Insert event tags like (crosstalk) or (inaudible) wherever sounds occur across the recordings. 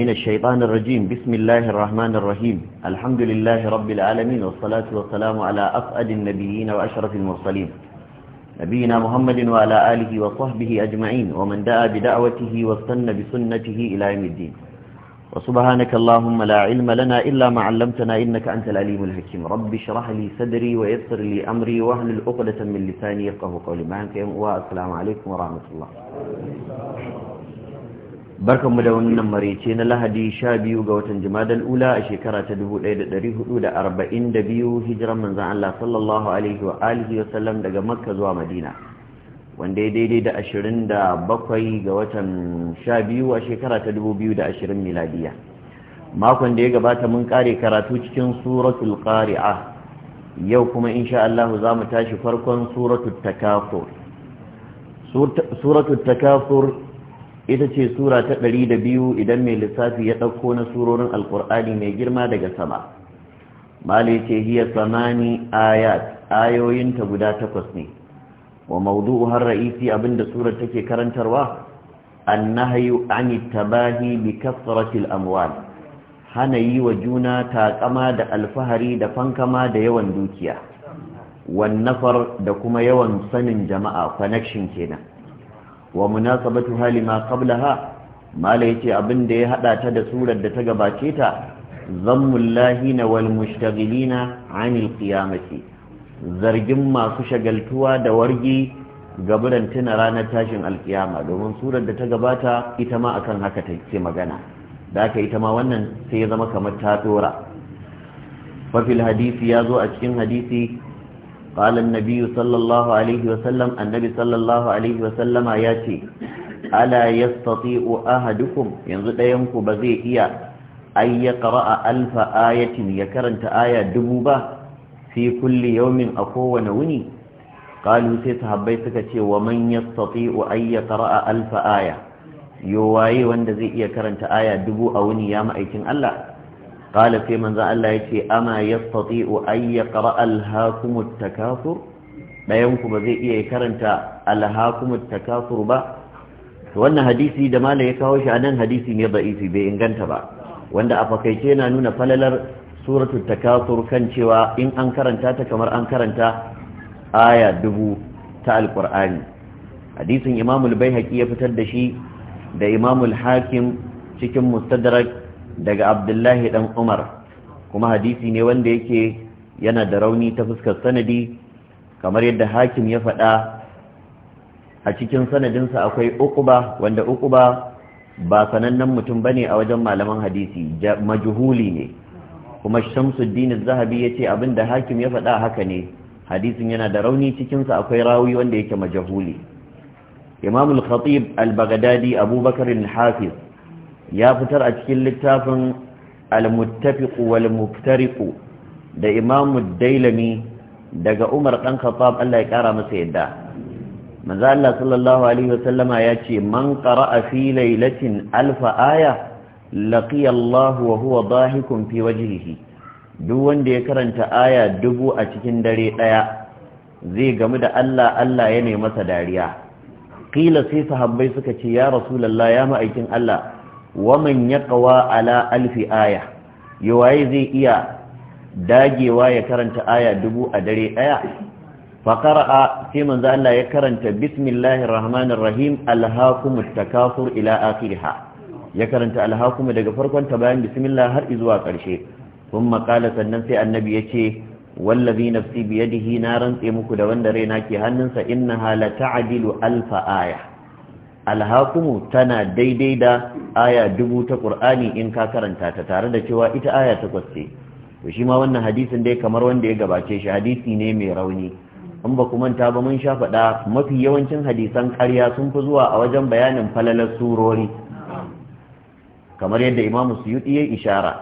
من الشيطان الرجيم بسم الله الرحمن الرحيم الحمد لله رب العالمين والصلاة والسلام على أفأد النبيين وأشرف المرسلين نبينا محمد وعلى آله وصحبه أجمعين ومن دعا بدعوته واستنى بسنته إلى يوم الدين وسبحانك اللهم لا علم لنا إلا ما علمتنا إنك أنت العليم الحكيم رب اشرح لي صدري ويسر لي أمري وأهل عقدة من لساني يفقه قولي معك والسلام عليكم ورحمة الله barkanmu da wannan marice na lahadi sha biyu ga watan jimadal ula a shekara ta dubu ɗaya da da da hudu arba'in biyu hijiran manzan Allah sallallahu alaihi wa alihi daga makka zuwa madina wanda ya daidai da ashirin da bakwai ga watan sha biyu a shekara ta dubu biyu da ashirin miladiya makon da ya gabata mun kare karatu cikin suratul qari'a yau kuma insha Allah za mu tashi farkon suratul suratul takafur ita ce sura ta ɗari da biyu idan mai lissafi ya ɗauko na surorin alkur'ani mai girma daga sama mali ce hiya samani ayat ayoyinta guda takwas ne wa maudu'u har ra'isi abinda surar take karantarwa annahyu ani tabahi bi kasratil amwal hana yi wa juna taƙama da alfahari da fankama da yawan dukiya wannafar da kuma yawan sanin jama'a connection kenan wa munasabatu halima qablaha mala yace abin da ya hada ta da surar da ta gabace ta zammul na wal mushtaghilina anil qiyamati zargin masu shagaltuwa da wargi gaburan tuna ranar tashin alkiyama domin surar da ta gabata ita ma akan haka ta ce magana da aka ita ma wannan sai ya zama kamar ta dora fafil hadisi ya zo a cikin hadisi قال النبي صلى الله عليه وسلم النبي صلى الله عليه وسلم ياتي ألا يستطيع أحدكم ينزل ينكو بزيئيا أن يقرأ ألف آية يكرنت آية دبوبة في كل يوم أقوى نوني قالوا سيتحبيتك ومن يستطيع أن يقرأ ألف آية يواي وان دزيئيا كرنت آية دبو أوني يا مأيتين الله قال في من ذا الله يتي أما يستطيع أن يقرأ الهاكم التكاثر لا ينكم ذي إيه كرنت الهاكم التكاثر با وأن حديثي دما لا يكاوش أنا حديثي نضعيفي بإنغان تبا وأن أفكيتنا نون فللر سورة التكاثر كان شوا إن أنكرنتا تكمر أنكرنتا آية دبو تاع القرآن حديث إمام البيهكي يفتد شي da imamul hakim cikin mustadrak daga abdullahi dan umar kuma hadisi ne wanda yake yana da rauni ta fuskar sanadi kamar yadda hakim ya faɗa a cikin sanadinsa akwai ukuba wanda ukuba ba sanannen mutum ba ne a wajen malaman hadisi majhuli ne kuma shamsuddin zahabi ya ce abinda hakim ya faɗa haka ne hadisin yana da rauni cikinsa akwai rawi wanda yake majahuli imamul khatib al-baghdadi abubakar al-hafiz ya fitar a cikin littafin al-muttafiq wal muftariq da imamu dailami daga umar dan khattab Allah ya kara masa yadda manzo Allah sallallahu alaihi wasallama ya ce man qara'a fi lailatin alfa aya laqiya Allah wa huwa dahikun fi wajhihi duk wanda ya karanta aya dubu a cikin dare daya zai gamu da Allah Allah ya ne masa dariya Ƙila sai sahabbai suka ce ya rasulullah ya ma'aikin Allah waman ya kawa ala alfi'aya, aya yawaye zai iya dagewa ya karanta aya dubu a dare ɗaya faƙara'a sai manzo Allah ya karanta "Bismillahi rahmanir rahim alhaakumut takasur ila akhiriha ya karanta alhaakum daga farkon ta bayan bismillah har zuwa ƙarshe kuma qala sannan sai annabi yace wallazi nafsi biyadihi naran rantse muku da wanda raina ke hannunsa innaha la ta'dilu alfa aya alhakumu tana daidai da aya dubu ta ƙur'ani in ka karanta ta tare da cewa ita aya takwas ce to shi ma wannan hadisin dai kamar wanda ya gabace shi hadisi ne mai rauni An ba ku manta ba mun sha faɗa mafi yawancin hadisan ƙarya sun fi zuwa a wajen bayanin falalar surori kamar yadda imamu suyuɗi ya ishara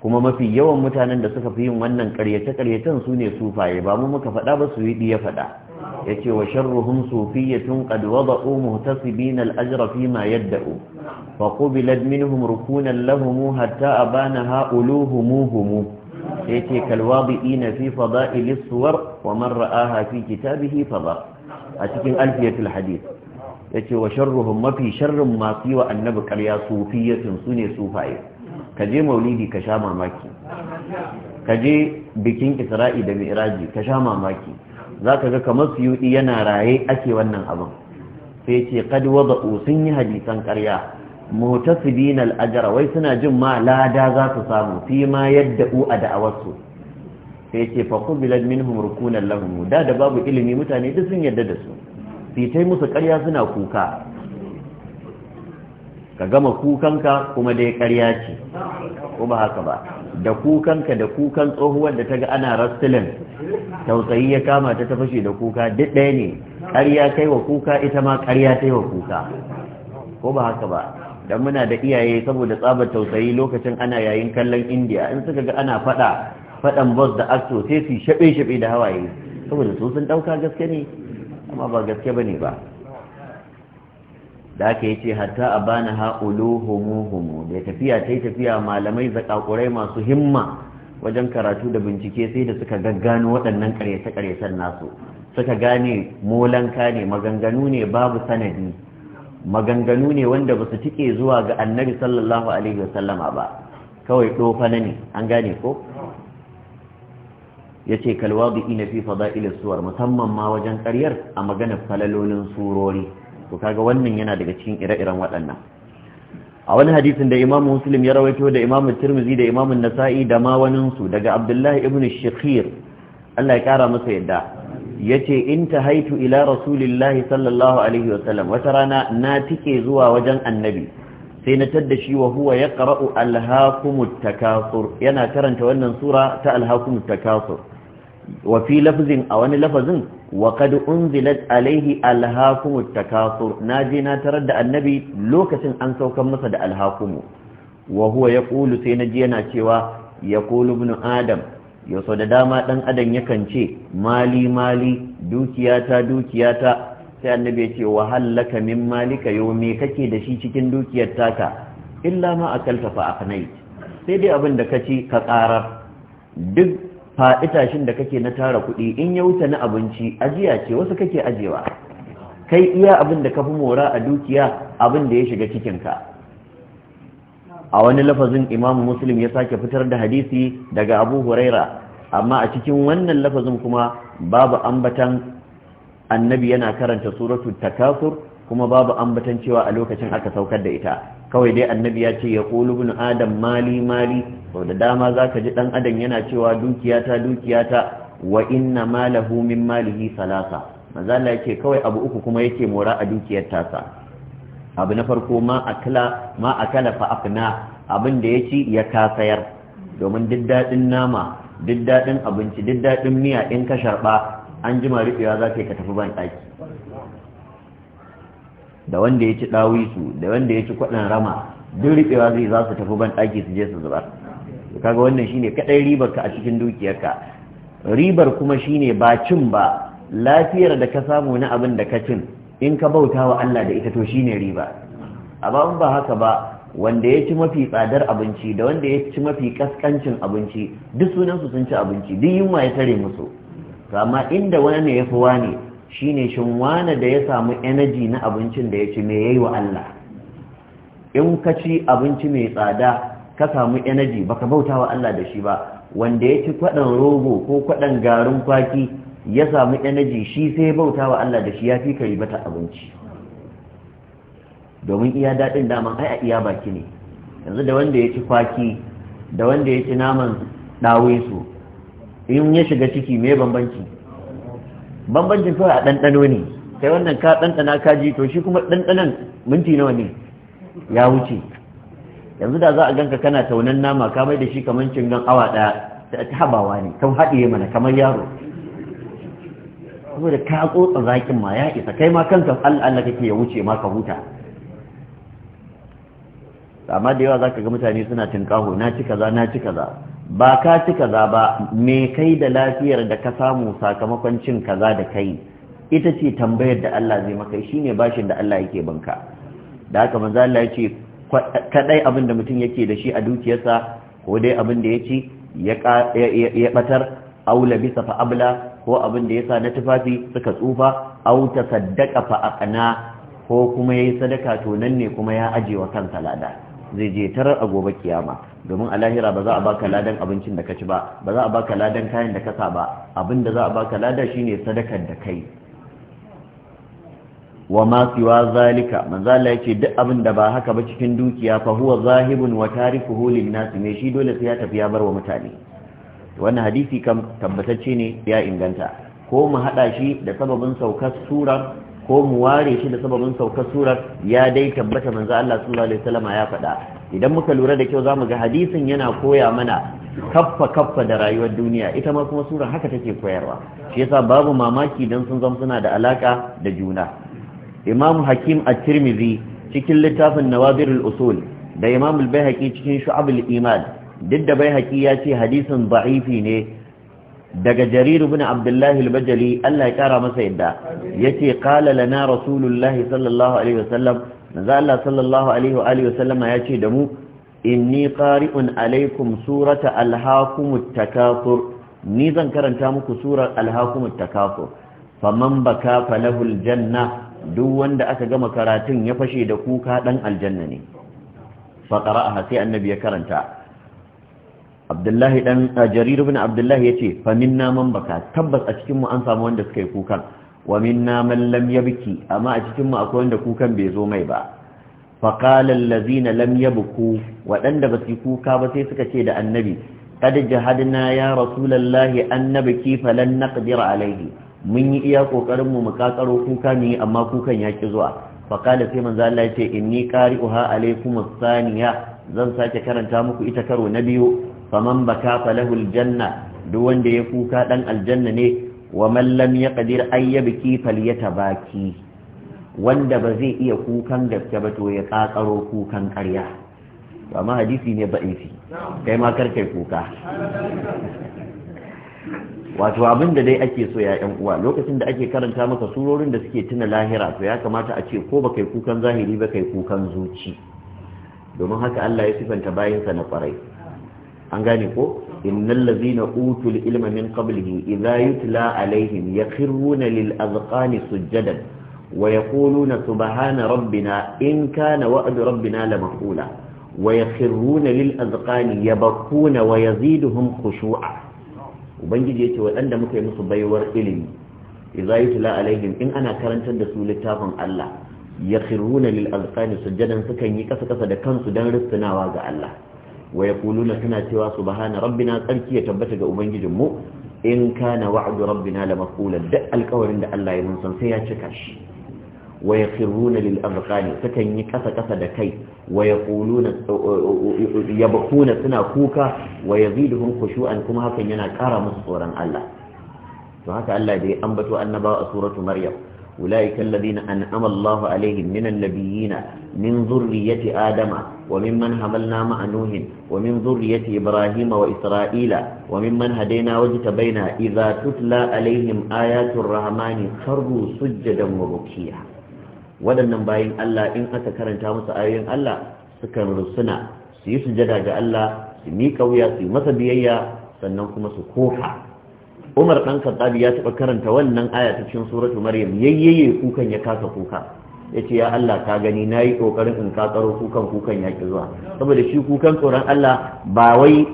kuma mafi yawan mutanen da suka fi yin wannan ƙaryace-ƙaryacen su ne sufaye ba mu muka faɗa ba su ya faɗa yace wa sharruhum sufiyyatun qad wada'u muhtasibina al-ajra fima yad'u lahumu qubilat minhum rukunan lahum hatta abana ha'uluhumuhum yace kalwadi'ina fi fada'il as-suwar wa man ra'aha fi kitabihi fada a cikin alfiyatul hadith yace wa sharruhum mafi sharrin masu yi wa annabi ƙarya sufiyyatun sune sufaye ka je maulidi ka sha mamaki ka je bikin isra'i da mi'raji ka sha mamaki za ka ga kamar yi yana raye ake wannan abin sai ce kad wada'u sun yi hadisan su mutasibin al'ajara wai suna jin ma lada za su samu fi ma yadda u a da'awarsu sai ce fa kubilat min rukunan lahumu da da babu ilimi mutane duk sun yadda da su fitai musu karya suna kuka ka gama kukanka kuma dai karya ce ko ba haka ba da kukanka da kukan tsohuwar da ta ga ana rastilin tausayi ya kama ta ta fashe da kuka duk ɗaya ne ƙarya kai wa kuka ita ma ƙarya ta wa kuka ko ba haka ba don muna da iyaye saboda tsabar tausayi lokacin ana yayin kallon indiya in suka ga ana faɗa faɗan bos da acto sai su shaɓe shaɓe da hawaye saboda su sun ɗauka gaske ne amma ba gaske ba ne ba da aka yi ce hatta a bani ha'ulu homo homo da tafiya ta yi tafiya malamai zaƙaƙurai masu himma wajen karatu da bincike sai da suka gaggano waɗannan ƙaryace-ƙaryacen nasu suka gane molanka ne maganganu ne babu sanadi maganganu ne wanda ba su tike zuwa ga annabi sallallahu alaihi ba kawai ɗofana ne an gane ko ya ce kalwadu ina fi fada'ilin suwar musamman ma wajen ƙaryar a maganar falalolin surori to kaga wannan yana daga cikin ire-iren waɗannan a wani hadisin da imamu muslim ya rawaito da imamu tirmizi da imamu nasa'i da ma waninsu daga abdullahi ibn shakir allah ya kara masa yadda ya ce in ta haitu ila rasulillahi sallallahu alaihi wasallam wata rana na tike zuwa wajen annabi sai na tadda shi wa huwa ya kara'u alhakumut takasur yana karanta wannan sura ta alhakumut takasur Wafi lafazin a wani lafazin wa qad unzilat alaihi alhakumu takasur naje na tarar da annabi lokacin an saukan masa da alhaqumu wa huwa yaqulu sai na naji yana cewa yaqulu ibn adam ya so da dama dan adam yakan ce mali mali dukiyata dukiyata sai annabi ya ce wa halaka min malika yau me kake da shi cikin dukiyar taka illa ma akalta fa akhnait sai dai abin da kace ka karar duk Fa itacen da kake na tara kuɗi in ya wuce na abinci ajiya ce wasu kake ajiyewa. kai iya abin da ka fi mora a dukiya abin da ya shiga cikinka a wani lafazin imamu muslim ya sake fitar da hadisi daga abu huraira amma a cikin wannan lafazin kuma babu ambatan annabi yana karanta suratul takasur kuma babu ambatan cewa a lokacin aka saukar da ita kawai dai annabi ya ce ya ƙulu bin adam mali mali sau da dama za ka ji ɗan adam yana cewa dukiyata dukiyata wa inna malahu min malihi salasa mazala yake kawai abu uku kuma yake mora a dukiyar tasa abu na farko ma akala ma akala fa afna abin da ya ci ya kasayar domin duk daɗin nama duk daɗin abinci duk daɗin miya in ka sharɓa an jima rufewa za ka tafi ban ɗaki da wanda ya ci ɗawisu da wanda ya ci kwaɗin rama duk riɓewa zai za su tafi ban ɗaki su je su zubar kaga wannan shine kaɗai ribar ka a cikin dukiyarka ribar kuma shine ba cin ba lafiyar da ka samu na abin da ka cin in ka bauta wa Allah da ita to shine riba amma in ba haka ba wanda ya ci mafi tsadar abinci da wanda ya ci mafi kaskancin abinci duk sunansu sun ci abinci duk yunwa ya tare musu amma inda wani ne ya fi wani shine ne wane da ya samu energy na abincin da ya ci me yayi wa Allah in ka ci abinci mai tsada ka samu energy baka bauta wa Allah da shi ba wanda ya ci kwaɗan rogo ko kwaɗan garin kwaki ya samu energy shi sai bauta wa Allah da shi ya fi ka bata abinci domin iya daɗin daman ai a iya baki ne yanzu da wanda ya ci kwaki da wanda ya ci naman ɗawe su in ya shiga ciki me bambanci bambancin kawai a ɗanɗano ne sai wannan ka ɗanɗana ka ji to shi kuma ɗanɗanan minti nawa ne ya wuce yanzu da za a ganka kana taunan nama ka mai da shi kamar cingan awa ɗaya ta habawa ne kan haɗiye mana kamar yaro saboda ka tsotsa zaƙin ma ya isa kai ma kanka Allah kake ya wuce ma ka huta amma da yawa za ka ga mutane suna tunƙaho na ci kaza na ci kaza ba ka ci kaza ba me kai da lafiyar da ka samu sakamakon cin kaza da kai ita ce tambayar da Allah zai maka shine bashin da Allah yake banka da haka manzo Allah ya ce kadai abin da mutum yake da shi a dukiyarsa ko dai abin da ya ci ya batar aula bisa fa abla ko abin da ya sa na tufafi suka tsufa au ta saddaka fa aqna ko kuma yayi sadaka to nan ne kuma ya aje wa kansa zai je tarar a gobe kiyama domin a lahira ba za a baka ladan abincin da ka ci ba ba za a baka ladan kayan da ka sa ba abin da za a baka lada shine sadakar da kai wa ma siwa zalika manzo Allah yake duk abin da ba haka ba cikin dukiya fa huwa zahibun wa tarifuhu lin nas me shi dole sai ya tafi ya bar wa mutane wannan hadisi kam tabbatacce ne ya inganta ko mu hada shi da sababin saukar surar ko mu ware shi da sababin saukar surar ya dai tabbata manzo Allah sallallahu alaihi wasallam ya faɗa idan muka lura da kyau zamu ga hadisin yana koya mana kaffa kaffa da rayuwar duniya ita ma kuma surar haka take koyarwa shi yasa babu mamaki dan sun zama suna da alaka da juna Imam Hakim at-Tirmidhi cikin littafin Nawadirul Usul da Imam al-Baihaqi cikin Shu'abul Iman duk da Baihaqi ya ce hadisin da'ifi ne daga jarir ibn abdullahi al-bajali Allah ya kara masa yadda yace kalala lana rasulullahi sallallahu alaihi wasallam manzo Allah sallallahu alaihi wa alihi ya yace da mu inni qari'un alaikum surata alhaakumut takasur ni zan karanta muku surar alhaakumut takasur faman baka falahu aljanna duk wanda aka gama karatun ya fashe da kuka dan aljanna ne fa qara'aha sai annabi ya karanta abdullahi dan eh, jarir ibn abdullahi yace fa minna man baka tabbas a cikin mu an samu wanda suka yi kukan wa minna man lam yabki amma a cikin mu akwai wanda kukan bai zo mai ba fa qala allazina lam yabku wadanda kuka ba sai suka ce da annabi qad jahadna ya rasulallahi annabki falan naqdir alayhi mun yi iya kokarin mu mukakaro kakaro kuka ne amma kukan ya ki zuwa fa qala sai manzo Allah yace inni qari'uha alaykum as Saniya, zan sake karanta muku ita karo na biyu faman baka falahul janna duk wanda ya kuka dan aljanna ne wa man lam yaqdir ayyabki falyatabaki wanda ba zai iya kukan gaske ba to ya kakaro kukan ƙarya amma hadisi ne ba'ifi kai ma kar kai kuka wato abin da dai ake so ya yan uwa lokacin da ake karanta maka surorin da suke tuna lahira to ya kamata a ce ko ba kukan zahiri ba kai kukan zuci domin haka Allah ya sifanta bayinsa na kwarai an gane ko innal ladzina utul ilma min qablihi idza yutla alaihim yakhruna lil azqani sujadan wa yaquluna subhana rabbina in kana wa'du rabbina la maqula wa yakhruna lil azqani yabquna wa yaziduhum khushu'a ubangiji yace waɗanda muka yi musu baiwar ilimi idza yutla alaihim in ana karantar da su littafin Allah yakhruna lil azqani sujadan sukan yi kasa kasa da kansu dan rusunawa ga Allah wa kuluna tana cewa bahana rabbina tsarki ya tabbata ga ubangijin mu in kana wa'du rabbina la maqulan da alƙawarin da Allah ya mun san sai ya cika shi wa yakhruna lil azqani sukan yi kasa kasa da kai wa yaquluna suna kuka wa yaziduhum khushu'an kuma hakan yana ƙara musu tsoron Allah to haka Allah da ya ambato annabawa a suratu maryam أولئك الذين أنعم الله عليهم من النبيين من ذرية آدم وممن حملنا مع نوح ومن ذرية إبراهيم وإسرائيل وممن هدينا واجتبينا إذا تتلى عليهم آيات الرحمن خروا سجدا وبكيا waɗannan bayan Allah in aka karanta musu ayoyin Allah sukan rusuna su yi sujada ga Allah su miƙa wuya su yi masa biyayya sannan kuma su koha umar ɗan khattab ya taɓa karanta wannan aya ta cikin suratu maryam yayyaye kukan ya kasa kuka yace ya Allah ka gani nayi kokarin in ka tsaro kukan kukan ya ki zuwa saboda shi kukan tsoron Allah ba wai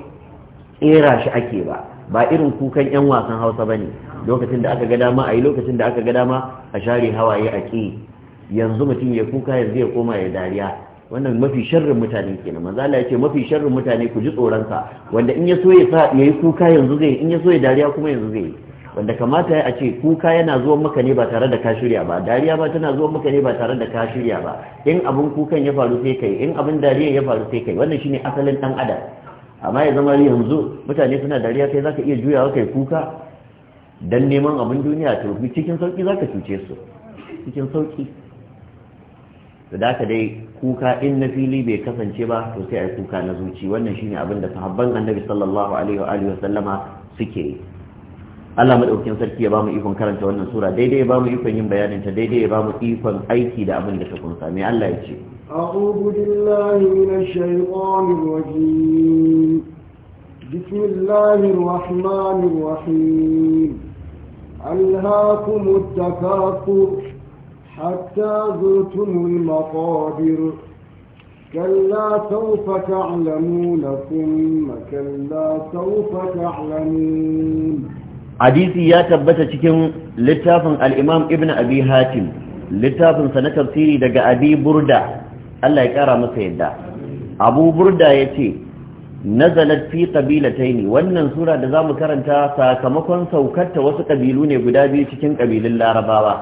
tsera shi ake ba ba irin kukan yan wasan Hausa bane lokacin da aka ga dama ayi lokacin da aka ga dama a share hawaye a ki yanzu mutum ya kuka yanzu ya koma ya dariya wannan mafi sharrin mutane kenan Manzala ya ce mafi sharrin mutane ku ji tsoronsa wanda in ya so ya yi kuka yanzu zai in ya so ya dariya kuma yanzu zai wanda kamata ya ce kuka yana zuwa maka ne ba tare da ka shirya ba dariya ba tana zuwa maka ne ba tare da ka shirya ba in abin kukan ya faru sai kai in abin dariya ya faru sai kai wannan shine asalin dan adam amma ya zama yanzu mutane suna dariya kai zaka iya juyawa kai kuka dan neman abin duniya to cikin sauki zaka cuce su cikin sauki to da ka dai kuka in na fili bai kasance ba to sai a yi kuka na zuci wannan shine abin da sahabban annabi sallallahu alaihi wa alihi sallama suke Allah madaukakin sarki ya bamu ikon karanta wannan sura daidai ya bamu ikon yin bayanin ta daidai ya bamu ikon aiki da abin da ta kunsa me Allah ya ce a'udhu billahi minash shaitanir rajim bismillahir rahmanir rahim alhaakumut takathur حتى زرتم المقابر كلا سوف تعلمون ثم كلا سوف تعلمون حديثي يا تبت تكن لتافن الإمام ابن أبي هاتم littafin na tafsiri daga abi burda Allah ya kara masa yadda abu burda ya ce nazalat fi wannan sura da zamu karanta sakamakon saukarta wasu ƙabilu ne guda biyu cikin ƙabilun larabawa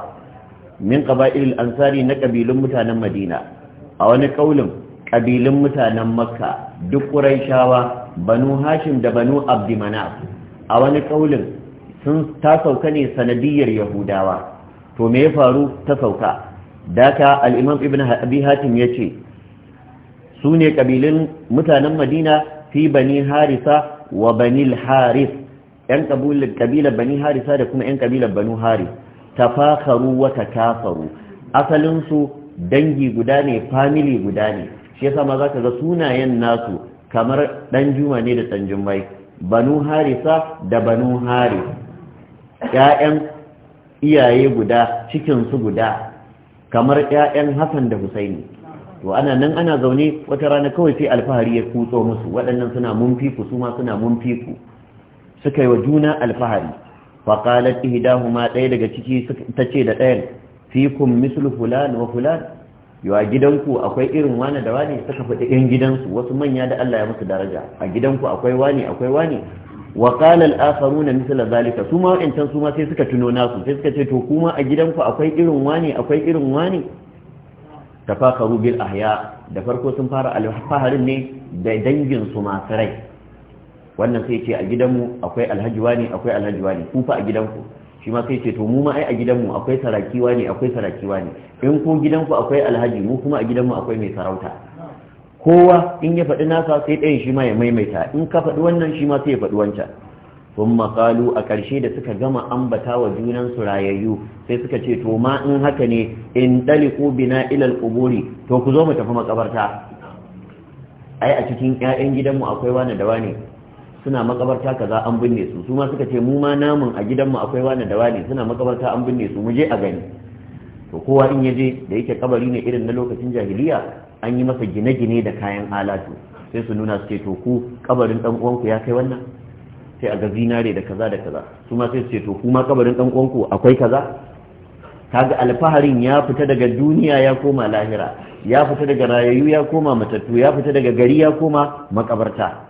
min qaba'il ansari na ƙabilun mutanen madina a wani kaulin ƙabilun mutanen makka duk ƙuraishawa banu hashim da banu abdimanaf a wani kaulin sun ta sauka ne sanadiyar yahudawa to me ya faru ta sauka daka al-imam ibn abi hatim ce. su ne ƙabilun mutanen madina fi bani harisa wa Banil haris yan kabilar bani harisa da kuma yan ƙabilar banu haris tafakaru wa takafaru asalin su dangi guda ne family guda ne shi yasa ma zaka ga sunayen nasu kamar dan juma ne da dan jummai banu harisa da banu hari ƴaƴan iyaye guda cikin su guda kamar ƴaƴan Hassan da Husaini to ana nan ana zaune wata rana kawai sai alfahari ya kutso musu waɗannan suna mun su ma suna mun suka yi wa juna alfahari faƙalar ma ɗaya daga ciki ta ce da ɗayan fikun mislu fulan wa fulan yau a gidanku akwai irin wani da wani suka faɗi ɗin gidansu wasu manya da Allah ya musu daraja a gidanku akwai wani akwai wani wa ƙalar asaru na misla zalika su ma wa'ancan su ma sai suka tuno nasu sai suka ce to kuma a gidanku akwai irin wani akwai irin wani tafakaru bil ahya da farko sun fara alfaharin ne da dangin su masu rai wannan sai ce a gidanmu akwai alhaji ne akwai alhaji ne kufa a gidanku shi ma sai ce to mu ma ai a gidanmu akwai saraki ne akwai saraki ne in ko gidanku akwai alhaji mu kuma a gidanmu akwai mai sarauta kowa in ya faɗi nasa sai ɗayan shi ma ya maimaita in ka faɗi wannan shi ma sai ya faɗi wancan sun makalu a ƙarshe da suka gama ambata wa junansu rayayyu sai suka ce to ma in haka ne in ko bina ilal ƙuburi to ku zo mu tafi makabarta ai a cikin 'ya'yan gidanmu akwai wani da wani suna makabarta kaza an binne su su ma suka ce mu ma namun a gidanmu akwai wani da suna makabarta an binne su mu je a gani to kowa in ya je da yake kabari ne irin na lokacin jahiliya an yi masa gine-gine da kayan alatu sai su nuna su ce to ku kabarin dan uwanku ya kai wannan sai a ga zinare da kaza da kaza su ma sai su ce to ku ma kabarin dan uwanku akwai kaza kaga alfaharin ya fita daga duniya ya koma lahira ya fita daga rayayyu ya koma matattu ya fita daga gari ya koma makabarta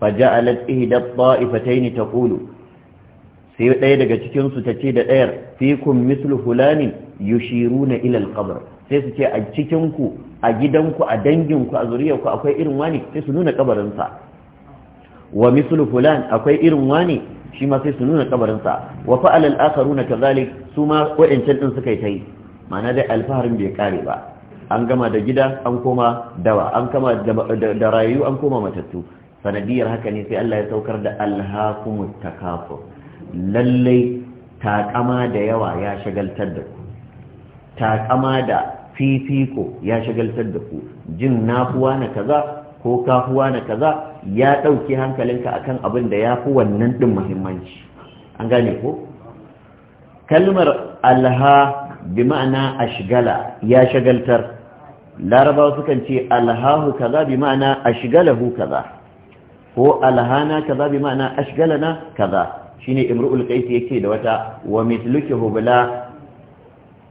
فجعلت إهدى الطائفتين taqulu sai ɗaya daga cikinsu ta tace da ɗayar fikum mithlu fulanin yushiruna na ilal sai su ce a cikinku a gidanku a danginku a ku akwai irin wani sai su nuna kabarinsa wa mithlu fulan akwai irin wani shi ma sai su nuna kabarinsa wa fa'al akaru na kazalik su ma waɗancan ɗin suka yi ta yi ma'ana dai alfaharin bai kare ba an gama da gida an koma dawa an kama da rayu an koma matattu sanadiyar haka ne sai Allah ya saukar da alhakumut takafur lallai takama da yawa ya shagaltar da ku takama da fifiko ya shagaltar da ku jin nafuwa na kaza ko kafuwa na kaza ya ɗauki hankalinka akan abin da ya fi wannan ɗin muhimmanci an gane ko kalmar alha bi ma'ana ashgala ya shagaltar larabawa sukan ce alhahu kaza bi ma'ana ashgalahu kaza ko alhana kaza bi ma'ana ashgalana kaza shine imru'ul qais yake da wata wa mithluki hubla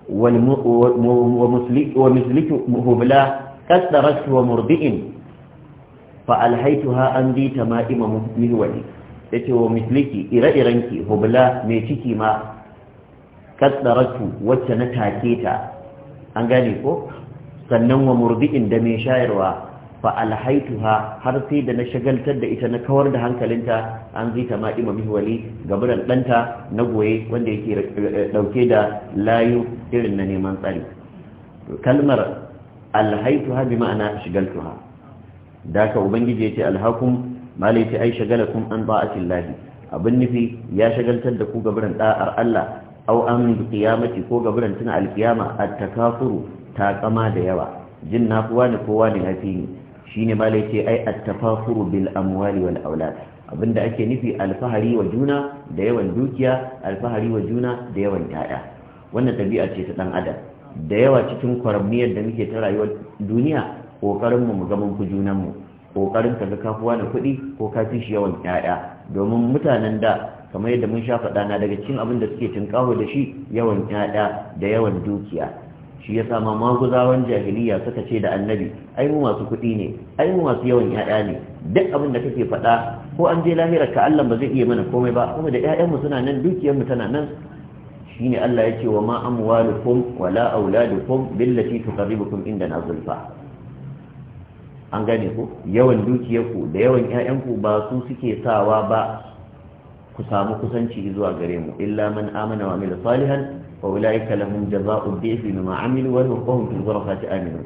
wal muslik wa mithluki hubla kasarat wa murdi'in fa alhaytuha an di tama'ima mihwali yace wa mithliki ire-irenki hubla Me ciki ma katsaratu wacce na take ta an gane ko sannan wa murdi'in da me shayarwa fa alhaituha har sai da na shagaltar da ita na kawar da hankalinta an zai ta ma'ima mihwali gabaran ɗanta na goye wanda yake eh, eh, ɗauke da layu irin na neman tsari kalmar alhaituha bi ma'ana shagaltuha da ka ubangiji ya ce alhakum malai ce ai shagalakum an ba'atin lahi abin nufi ya shagaltar da ku gabaran ɗa'ar Allah au an qiyamati ko gabaran tuna alkiyama at takafuru ta kama da yawa jin na kowa ne kowa ne hafi ne shine ne lai ce ai at bil amwali wal aulad abinda ake nufi alfahari wa juna da yawan dukiya alfahari wa juna da yawan ya'ya wannan ɗabi'a ce ta dan adam da yawa cikin kwarmiyar da muke ta rayuwar duniya kokarin mu ga mun junan mu kokarin ka ga kafuwa na kuɗi ko ka fi shi yawan yaya domin mutanen da kamar yadda mun sha faɗa na daga cikin abin da suke tinkaho da shi yawan yaya da yawan dukiya shi ya sama maguzawan jahiliya suka ce da annabi ai mu masu kuɗi ne ai mu masu yawan ƴaƴa ne duk abin da kake faɗa ko an je lahira ka Allah ba zai iya mana komai ba kuma da ƴaƴanmu suna nan dukiyarmu tana nan shine Allah ya ce wa ma amwalukum wala auladukum billati tuqarribukum na zulfa an gane ku yawan dukiyarku da yawan ƴaƴanku ba su suke sawa ba ku samu kusanci zuwa gare mu illa man amana wa amila salihan فأولئك لهم جزاء الضعف بما عملوا وهم في الغرفات آمنون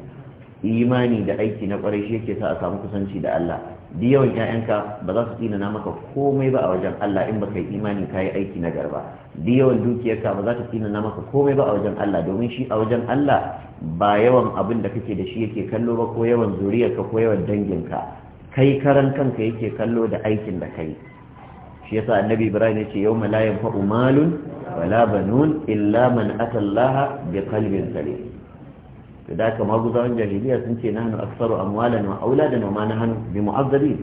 imani da aiki na kwarai shi yake sa a samu kusanci da Allah da yawan ƴaƴanka ba za su tsinana maka komai ba a wajen Allah in baka yi imani ka yi aiki na garba da yawan dukiyarka ba za ta tsinana maka komai ba a wajen Allah domin shi a wajen Allah ba yawan abin da kake da shi yake kallo ba ko yawan zuriyarka ko yawan danginka kai karan kanka yake kallo da aikin da kai shi yasa annabi ibrahim ya ce yau la yanfa'u malun wala banun illa man atallaha bi qalbin salim to da haka maguzawan jahiliya sun ce nahnu aktsaru amwalan wa auladan wa ma nahnu bi mu'azzabin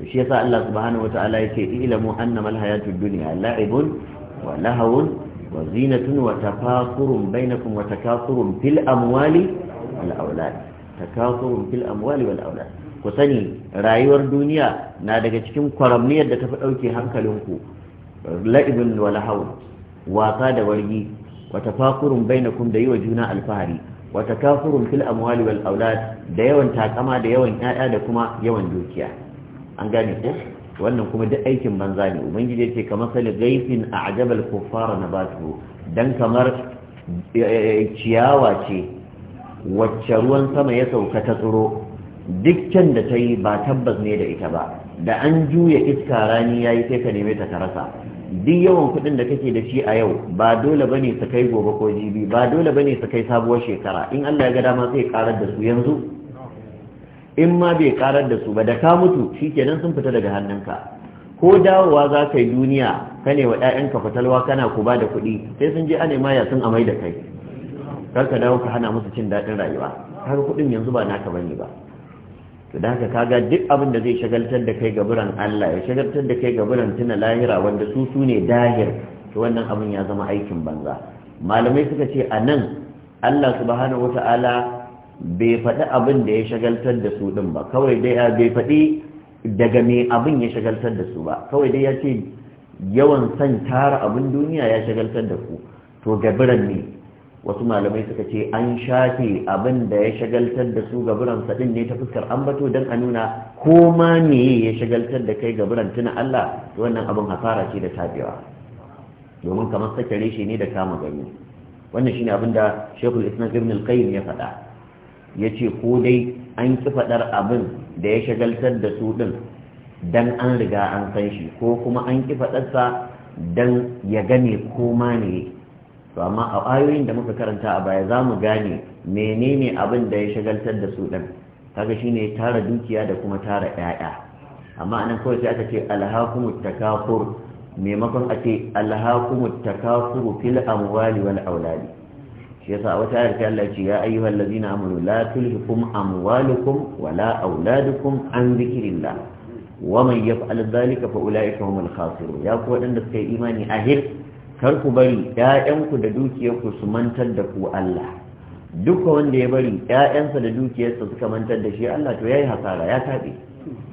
to shi yasa Allah subhanahu ya ce ilamu annama alhayatud dunya la'ibun wa lahawun wa zinatun wa tafakurun bainakum wa takasurun fil amwali wal aulad takasurun fil amwali wal aulad ku sani rayuwar duniya na daga cikin kwaramniyar da tafi ɗauke hankalinku la'ibin wala wasa da wargi wata fakurun bainakum da yi wa juna alfahari wata kafurun fil amwali wal aulad da yawan takama da yawan ƴaƴa da kuma yawan dukiya an gane ko wannan kuma duk aikin banza ne ubangiji yace kamar sali gaisin a ajabal kuffara nabatu dan kamar eh, eh, ciyawa ce wacce ruwan sama ya sauka ta tsiro Duk can da ta yi ba tabbas ne da ita ba da an juya iska rani ya yi sai ka neme ta ka rasa duk yawan kuɗin da kake da shi a yau ba dole bane su kai gobe ko jibi ba dole bane su kai sabuwar shekara in Allah ya ga dama sai karar da su yanzu in ma bai karar da su ba da ka mutu shi shikenan sun fita daga hannunka ko dawowa za ka yi duniya ka ne wa ɗayanka fatalwa kana ku ba da kuɗi sai sun je anema ya sun amai da kai kar ka dawo ka hana musu cin daɗin rayuwa har kuɗin yanzu ba naka bane ba to da haka kaga duk abin da zai shagaltar da kai gaburan Allah ya shagaltar da kai gaburan tuna lahira wanda su su ne dahir to wannan abin ya zama aikin banza malamai suka ce a nan Allah subhanahu ta'ala bai faɗi abin da ya shagaltar da su ɗin ba kawai dai ya bai faɗi daga me abin ya shagaltar da su ba kawai dai ya ce yawan son tara abin duniya ya shagaltar da ku to gaburan ne wasu malamai suka ce an shafe abin da ya shagaltar da su gaburan sadin ne ta fuskar ambato don a nuna ko ma me ya shagaltar da kai gaburan tuna Allah da wannan abin hasara ce da tabewa domin kamar sake reshe ne da kama gani wannan shine abin da Sheikhul Islam Ibn al-Qayyim ya faɗa yace ko dai an ki faɗar abin da ya shagaltar da su din dan an riga an san shi ko kuma an ki faɗarsa dan ya gane ko ma ne to amma a ayoyin da muka karanta a baya za mu gane menene abin da ya shagaltar da su ɗin kaga shine tara dukiya da kuma tara ƴaƴa amma anan kawai sai aka ce alhaakumut takafur maimakon a ce alhaakumut takafuru fil amwali wal auladi shi yasa wata ayar ta Allah ce ya ayyuhal ladina amanu la tulhikum amwalukum wala auladukum an zikrillah wa man yaf'al dhalika fa ulaika humul khasirun ya ku wadanda suka yi imani ahir kar ku bari ‘ya'yanku da dukiyarku su mantar da ku Allah duka wanda ya bari ‘ya'yansa da dukiyarsa suka mantar da shi Allah to ya yi hasara ya taɓe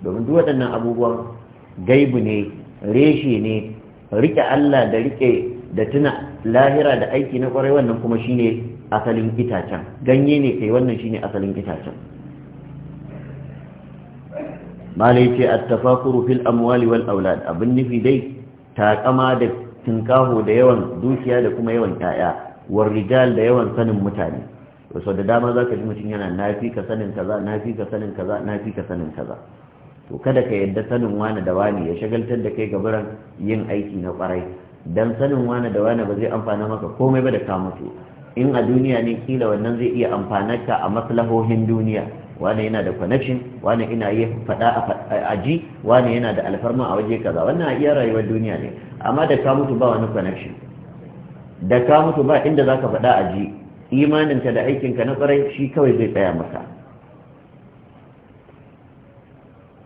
domin duk waɗannan abubuwan gaibu ne reshe ne rike Allah da riƙe da tuna lahira da aiki na ƙwarai wannan kuma shine asalin itacen ganye ne kai wannan shine asalin itacen malai ce a tafakuru fil amwali wal aulad abin nufi dai takama da tinkaho da yawan dukiya da kuma yawan ƴaƴa war rijal da yawan sanin mutane so da dama zaka ji mutum yana nafi ka sanin kaza nafi ka sanin kaza nafi ka sanin kaza to kada ka yadda sanin wani da wani ya shagaltar da kai gaburan yin aiki na kwarai dan sanin wani da wani ba zai amfana maka komai ba da ka mutu in a duniya ne kila wannan zai iya amfanar ka a maslahohin duniya wani yana da connection wani ina yi faɗa a ji wani yana da alfarma a waje kaza wannan a iya rayuwar duniya ne amma da ka mutu ba wani connection da ka mutu ba inda za ka faɗa a ji imaninka da aikinka na kwarai shi kawai zai tsaya maka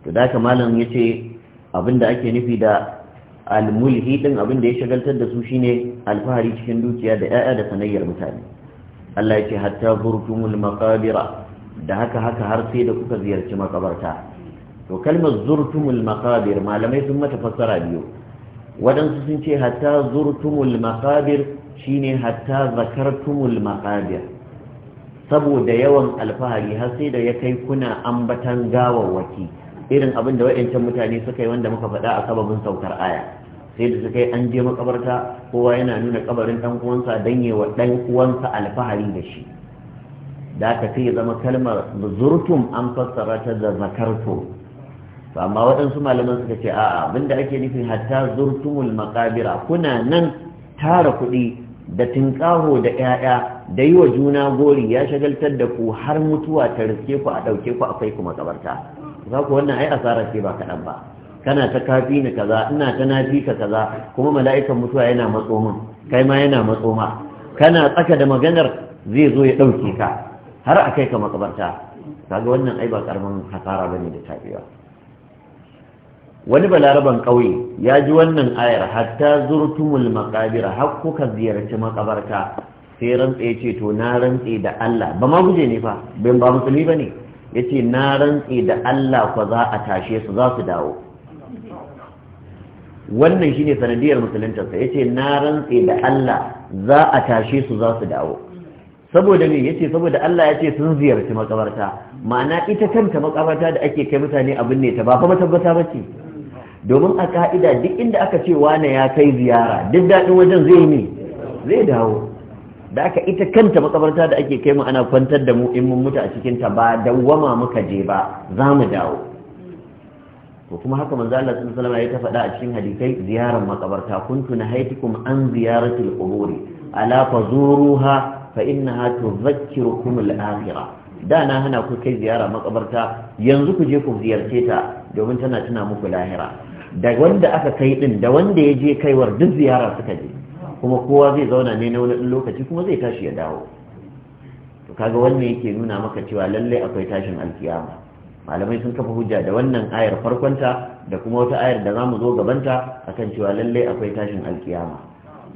to da ka malam ya ce abinda ake nufi da almulhi din abinda ya shagaltar da su shine alfahari cikin dukiya da 'ya'ya da sanayyar mutane Allah ya ce hatta burtumul maqabira da haka haka har sai da kuka ziyarci makabarta to kalmar zurtumul makabir malamai sun mata fassara biyu waɗansu sun ce hatta zurtumul makabir shine hatta zakartumul makabir saboda yawan alfahari har sai da ya kai kuna ambatan gawawwaki irin abin da waɗancan mutane suka yi wanda muka faɗa a sababin saukar aya sai da suka yi an je makabarta kowa yana nuna kabarin dan uwansa dan wa dan uwansa alfahari da shi da aka ya zama kalmar zurtum an fassara ta da zakarto amma waɗansu malaman suka ce a'a abinda ake nufin hatta zurtumul makabira kuna nan tara kuɗi da tinƙaho da ƴaƴa da yi wa juna gori ya shagaltar da ku har mutuwa ta riske ku a ɗauke ku akwai kai ku makabarta za ku wannan ai asara ce ba kaɗan ba kana ta kafi ni kaza ina ta nafi ka kaza kuma mala'ikan mutuwa yana matso min kai ma yana matso ma kana tsaka da maganar zai zo ya ɗauke ka har a kai ka makabarta kaga wannan ai ba karamin hasara bane da tafiya. wani balaraban ƙauye ya ji wannan ayar hatta zurtumul maqabira har kuka ziyarci makabarta sai rantse ce to na rantse da Allah ba ma guje ne fa bin ba musulmi bane yace na rantse da Allah ko za a tashe su za su dawo wannan shine sanadiyar musulunta sa yace na rantse da Allah za a tashe su za su dawo saboda me yace saboda Allah yace sun ziyarci makabarta ma'ana ita kanta makabarta da ake kai mutane abin ne ta ba fa matabbata bace domin a ka'ida duk inda aka ce wani ya kai ziyara duk daɗin wajen zai ne zai dawo da aka ita kanta makabarta da ake kai mu ana kwantar da mu in mun mutu a cikin ta ba dawwama muka je ba za mu dawo Ko kuma haka manzo Allah sallallahu alaihi wasallam ya faɗa a cikin hadisai ziyarar makabarta kuntu haitikum an ziyaratil quburi ala fazuruha fa innaha zakiru, al-akhirah da na hana ku kai ziyara makabarta yanzu ku je ku ziyarce ta domin tana tuna muku lahira da wanda aka kai din da wanda ya je kaiwar duk ziyara suka je kuma kowa zai zauna ne na wani lokaci kuma zai tashi ya dawo to kaga wannan yake nuna maka cewa lallai akwai tashin alkiyama malamai sun kafa hujja da wannan ayar farkonta da kuma wata ayar da zamu zo gabanta akan cewa lallai akwai tashin alkiyama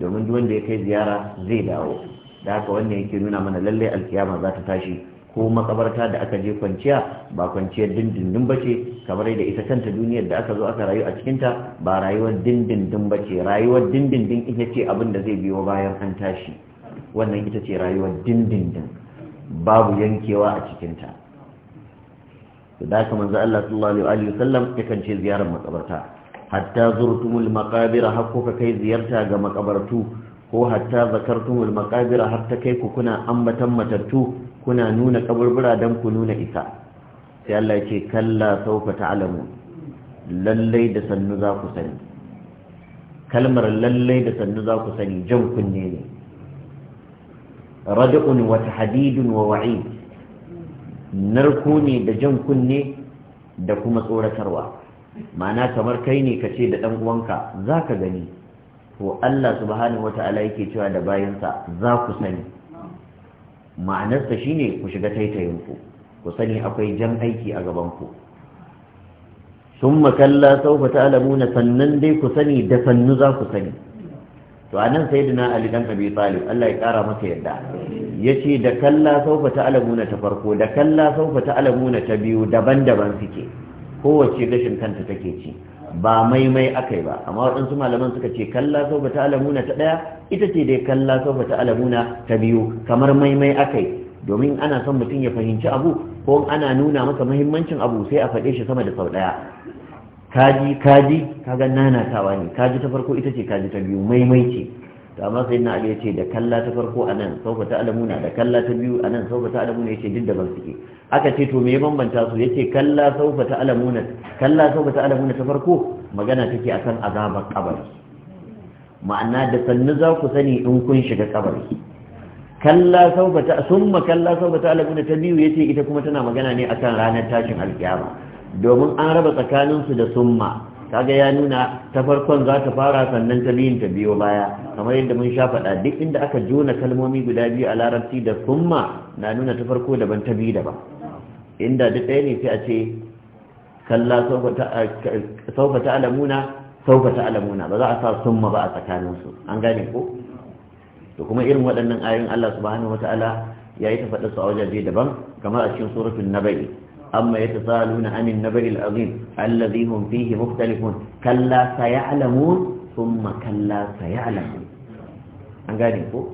domin duk wanda ya kai ziyara zai dawo da haka wannan yake nuna mana lallai alkiyama za ta tashi ko makabarta da aka je kwanciya ba kwanciyar dindindin ba ce kamar da ita kanta duniyar da aka zo aka rayu a cikinta ba rayuwar dindindin ba ce rayuwar dindindin ita ce abin da zai biyo bayan an tashi wannan ita ce rayuwar dindindin babu yankewa a cikinta da haka manzo Allah sallallahu alaihi wasallam yakan ce ziyarar makabarta hatta zurtumul maqabir hakku ka kai ziyarta ga makabartu ko hatta zakartumul maqabira har ta kai ku kuna ambatan matattu kuna nuna kaburbura dan ku nuna isa sai Allah ce kalla sawfa ta'lamu lallai da sannu za ku sani kalmar lallai da sannu za ku sani jan kunne ne rad'un wa tahdidun wa wa'id narko ne da jan kunne da kuma tsoratarwa ma'ana kamar kai ne kace da ɗan uwanka zaka gani to Allah subhanahu wata'ala yake cewa da bayansa za ku sani ma'anarsa shine ku shiga taitayinku ku sani akwai jan aiki a gabanku summa kalla sawfa ta'lamuna sannan dai ku sani da sannu za ku sani to anan sayyidina Ali dan Abi Talib Allah ya kara masa yadda yace da kalla sawfa ta'lamuna ta farko da kalla sawfa ta'lamuna ta biyu daban-daban suke kowace gashin kanta take ci ba maimai akai ba amma waɗansu malaman suka ce kalla sau ta alamuna ta ɗaya ita ce dai kalla sau ta alamuna ta biyu kamar maimai akai domin ana son mutum ya fahimci abu ko ana nuna masa mahimmancin abu sai a faɗe shi sama da sau ɗaya kaji kaji kaga nanatawa ne kaji ta farko ita ce kaji ta biyu maimai ce to amma sai na ya ce da kalla ta farko a nan sauka ta alamuna da kalla ta biyu a nan sauka ta alamuna ce duk da ban suke aka ce to me bambanta su yace kalla sauka ta alamuna kalla sauka ta alamuna ta farko magana take kan azabar kabari ma'ana da sannu za ku sani in kun shiga kabari kalla sauka ta summa kalla sauka ta alamuna ta biyu ya ce ita kuma tana magana ne akan ranar tashin alkiyama domin an raba tsakaninsu da summa ga ya nuna ta farkon za ta fara sannan ta biyun ta biyo baya kamar yadda mun sha faɗa duk inda aka jona kalmomi guda biyu a larabci da summa na nuna ta farko daban ta biyu daban inda duk ɗaya ne sai a ce kalla saufa ta alamuna saufa ta alamuna ba za a sa summa ba a tsakaninsu an gane ko to kuma irin waɗannan ayoyin Allah subhanahu ta'ala ya yi ta faɗa su a wajaje daban kamar a cikin suratun nabai أما يتساءلون عن النبأ العظيم الذي هم فيه مختلفون كلا سيعلمون ثم كلا سيعلمون an gane ko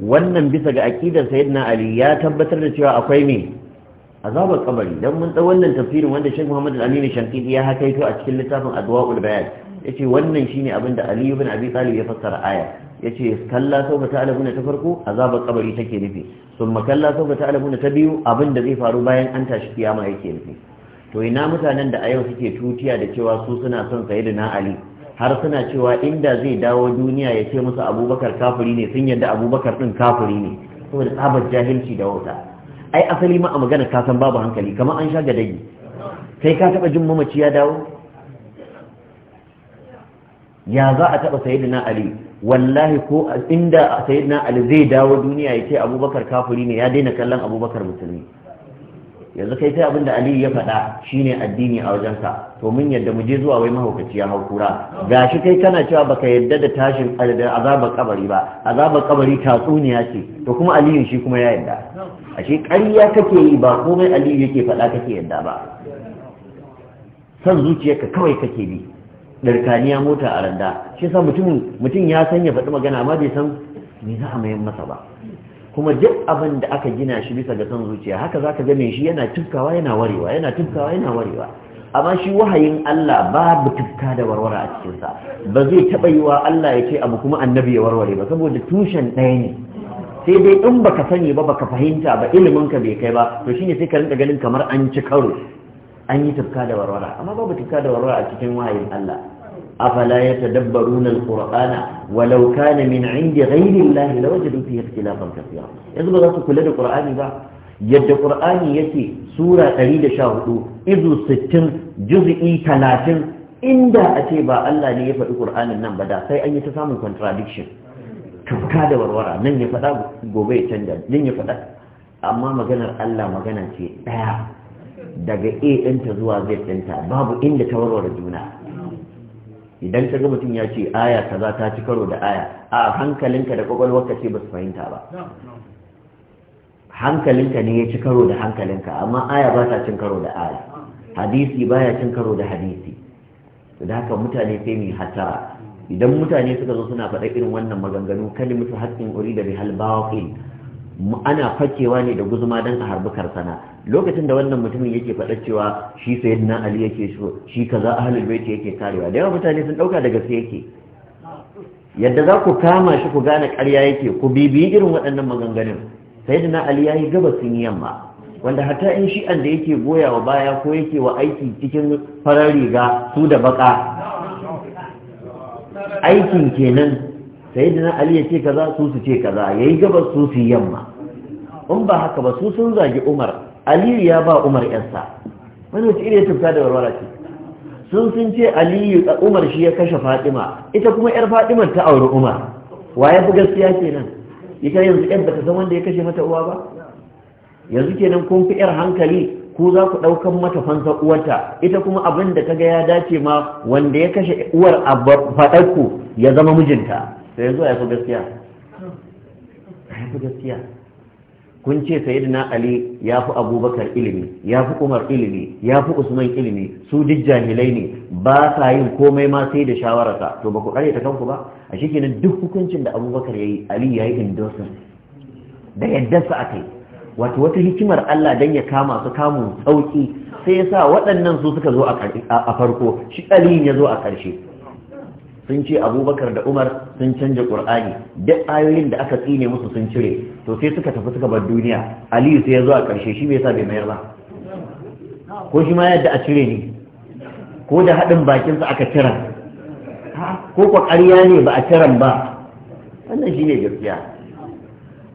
wannan bisa ga akidar sayyidina ali ya tabbatar da cewa akwai me azabar ƙabari, dan mun ta wannan tafsirin wanda Sheikh Muhammad Al-Amin Shankiti ya hakaito a cikin littafin Adwaul Bayan yace wannan shine abin da Ali ibn Abi Talib ya fassara aya ya ce kalla sau ba ta'lamuna ta farko azabar kabari take nufi sun kalla sau ba ta'lamuna ta biyu abin da zai faru bayan an tashi kiyama yake nufi to ina mutanen da a yau suke tutiya da cewa su suna son da na'ali har suna cewa inda zai dawo duniya ya ce musu abubakar kafuri ne sun yadda abubakar din kafuri ne saboda tsabar jahilci da wauta ai asali ma a magana ka san babu hankali kamar an sha gadagi kai ka taba jin mamaci ya dawo ya za a taba da na'ali wallahi ko inda sayyidina ali zai dawo duniya ya ce abubakar kafuri ne ya daina kallon abubakar musulmi yanzu kai sai abinda da ali ya faɗa shine addini a wajensa to mun yadda mu je zuwa wai mahaukaci ya hau haukura gashi kai kana cewa baka yadda da tashin da azabar kabari ba azabar kabari tatsuniya ce to kuma aliyu shi kuma ya yadda ashe ƙarya kake yi ba komai aliyu yake faɗa kake yadda ba san zuciyarka kawai kake bi darkaniya mota a randa shi sa mutum ya san ya faɗi magana amma bai san me za a mayan masa ba kuma duk abin da aka gina shi bisa ga son zuciya haka za ka game shi yana tufkawa yana warewa yana tufkawa yana warewa amma shi wahayin Allah babu tufka da warware a cikinsa ba zai taɓa yi wa Allah ya ce abu kuma annabi ya warware ba saboda tushen ɗaya ne sai dai in baka sani ba baka fahimta ba ilimin ka bai kai ba to shine sai ka rinka ganin kamar an ci karo an yi tufka da warware. amma babu tufka da warware a cikin wahayin Allah afala yatadabbaruna alqur'ana walau kana min indi ghayri allahi lawajadu fihi ikhtilafan kathira yanzu ba za su kula da qur'ani ba yadda qur'ani yake sura da sha hudu, izu 60 juz'i 30 inda a ce ba Allah ne ya faɗi kur'anin nan ba da sai an yi ta samun contradiction tufka da warwara nan ya faɗa gobe ya canja nan ya faɗa amma maganar Allah magana ce ɗaya daga a ɗinta zuwa z ɗinta babu inda ta warware juna idan ka ga mutum ya ce aya kaza ta ci karo da aya a hankalinka da kwakwalwarka ce ba su fahimta ba hankalinka ne ya ci karo da hankalinka amma aya ba ta cin karo da aya hadisi ba ya cin karo da hadisi da haka mutane sai mai hatara idan mutane suka zo suna faɗa irin wannan maganganu kalli musu haƙƙin uri da bihal bawaqil ana fakewa ne da guzuma don a harbi karsana lokacin da wannan mutumin yake faɗa cewa shi sayyidina ali yake so shi kaza ahlul bait yake karewa da yawa mutane sun ɗauka da sai yake yadda za ku kama shi ku gane ƙarya yake ku bibiyi irin waɗannan maganganun sayyidina ali ya gabas sun yamma wanda hatta in shi shi'an da yake goya wa baya ko yake wa aiki cikin farar riga su da baka aikin kenan sayyidina ali ya ce kaza su su ce kaza yayi gabas su su yamma in ba haka ba su sun zagi umar aliyu ya ba umar yansa wani wace iri ya tufta da warwara ce sun sun ce aliyu a umar shi ya kashe fatima ita kuma yar fatimar ta auri umar wa ya fi gaskiya ke Ya ita yanzu yan bata san wanda ya kashe mata uwa ba yanzu kenan kun fi yar hankali ku za ku ɗaukan mata fansa uwarta ita kuma abin da ga ya dace ma wanda ya kashe uwar a faɗarku ya zama mijinta sai yanzu ya fi gaskiya ya fi gaskiya kun ce sayyidina ali ya fi abubakar ilimi ya fi umar ilimi ya fi usman ilimi su duk jahilai ne ba sa yin komai ma sai da shawararsa to ba ku kare ta kanku ba a shi kenan duk hukuncin da abubakar ya yi ali ya yi endorsing da su a kai wato wata hikimar allah dan ya kama su kamu sauki sai ya sa waɗannan su suka zo a farko shi ali ya zo a ƙarshe sun ce abubakar da umar sun canja ƙur'ani duk ayoyin da aka tsine musu sun cire to sai suka tafi suka bar duniya aliyu sai ya zo a ƙarshe shi bai sa bai mayar ba ko shi ma yadda a cire ne ko da haɗin bakinsa aka cira ko kwa ne ba a ciran ba wannan shi ne gaskiya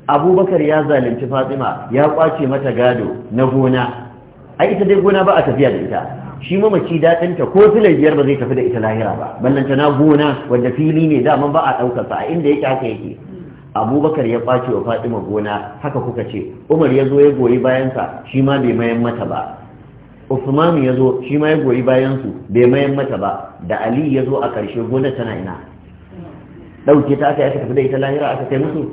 abubakar ya zalunci fatima ya kwace mata gado na gona a ita dai gona ba a tafiya da ita shi mamaci daɗin ta ko filai biyar ba zai tafi da ita lahira ba ballanta na gona wanda fili ne daman ba a ɗaukar sa a inda yake haka yake abubakar ya ƙwace wa fatima gona haka kuka ce umar ya zo ya goyi bayansa shi ma bai mayan mata ba usman ya zo shi ma ya goyi bayansu bai mayan mata ba da ali ya zo a ƙarshe gona tana ina ɗauke ta aka yi aka tafi da ita lahira aka kai musu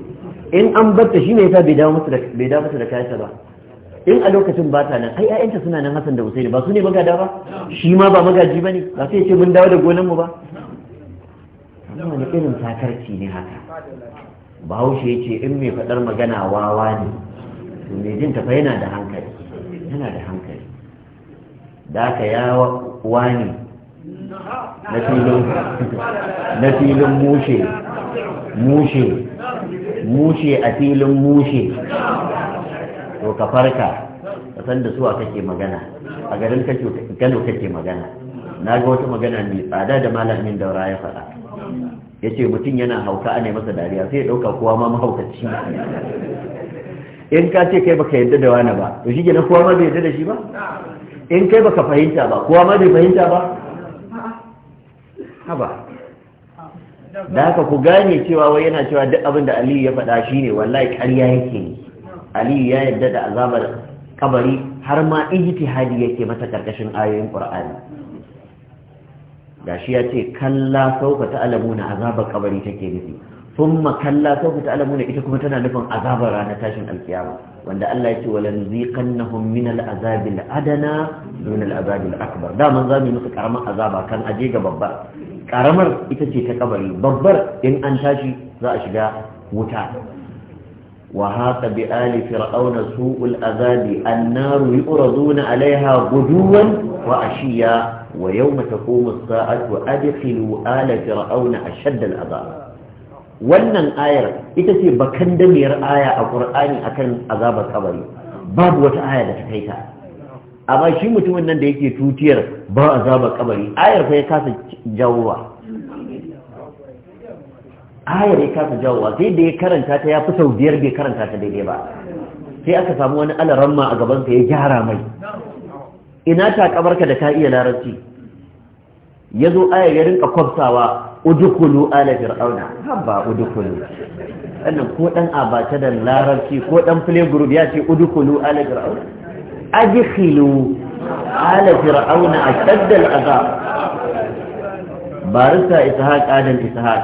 in an batta shi ne ya sa bai dawo musu da kayansa ba in a lokacin ba ta nan ai ƴaƴanta suna nan Hassan da Usaini ba su ne magada ba shi ma ba magaji bane ba sai ce mun dawo da gonan mu ba amma ne irin sakarci ne haka bahaushe ya ce in mai faɗar magana wawa ne to mai jin tafa yana da hankali yana da hankali da aka ya wani na filin mushe mushe mushe a filin mushe to ka farka ka san da suwa kake magana a garin kano kake magana na ga wata magana mai tsada da malamin daura ya faɗa ya ce mutum yana hauka a ne masa dariya sai ya ɗauka kowa ma mahaukaci in ka ce kai baka yadda da wani ba to shi gina kowa ma bai yadda da shi ba in kai baka fahimta ba kowa ma bai fahimta ba haba da haka ku gane cewa wai yana cewa duk abin da aliyu ya faɗa shi ne wallahi ƙarya yake ne Aliyu ya yadda da azabar kabari har ma ijtihadi yake mata karkashin ayoyin qur'ani gashi ya ce kalla sauka ta'lamuna azabar kabari take nufi thumma kalla sauka ta'lamuna ita kuma tana nufin azabar ranar tashin alkiyama wanda Allah ya ce wala nuziqannahum min al'azabi al'adana min al'azabi al'akbar da man zamu musu karamar azaba kan aje ga babbar karamar ita ce ta kabari babbar in an tashi za a shiga wuta وهاق بآل فرعون سوء العذاب النار يؤرضون عليها غدوا وعشيا ويوم تقوم الساعة أدخلوا آل فرعون أشد العذاب wannan ayar ita ce bakan damiyar aya a ƙur'ani akan azabar kabari babu wata aya da ta kai ta amma shi mutumin nan da yake tutiyar ba azabar kabari ayar fa ya kasa jawowa ayar ya kasa jawowa sai da ya karanta ta ya fi sau biyar bai karanta ta daidai ba sai aka samu wani alaramma a gabansa ya gyara mai ina ta kabarka da ka iya larabci ya zo ayar ya rinka kwafsawa udukulu ala fir'auna haba udukulu wannan ko dan abata da larabci ko dan play ya ce udukulu ala fir'auna adkhilu ala fir'auna ashaddal azab barista ishaq adam ishaq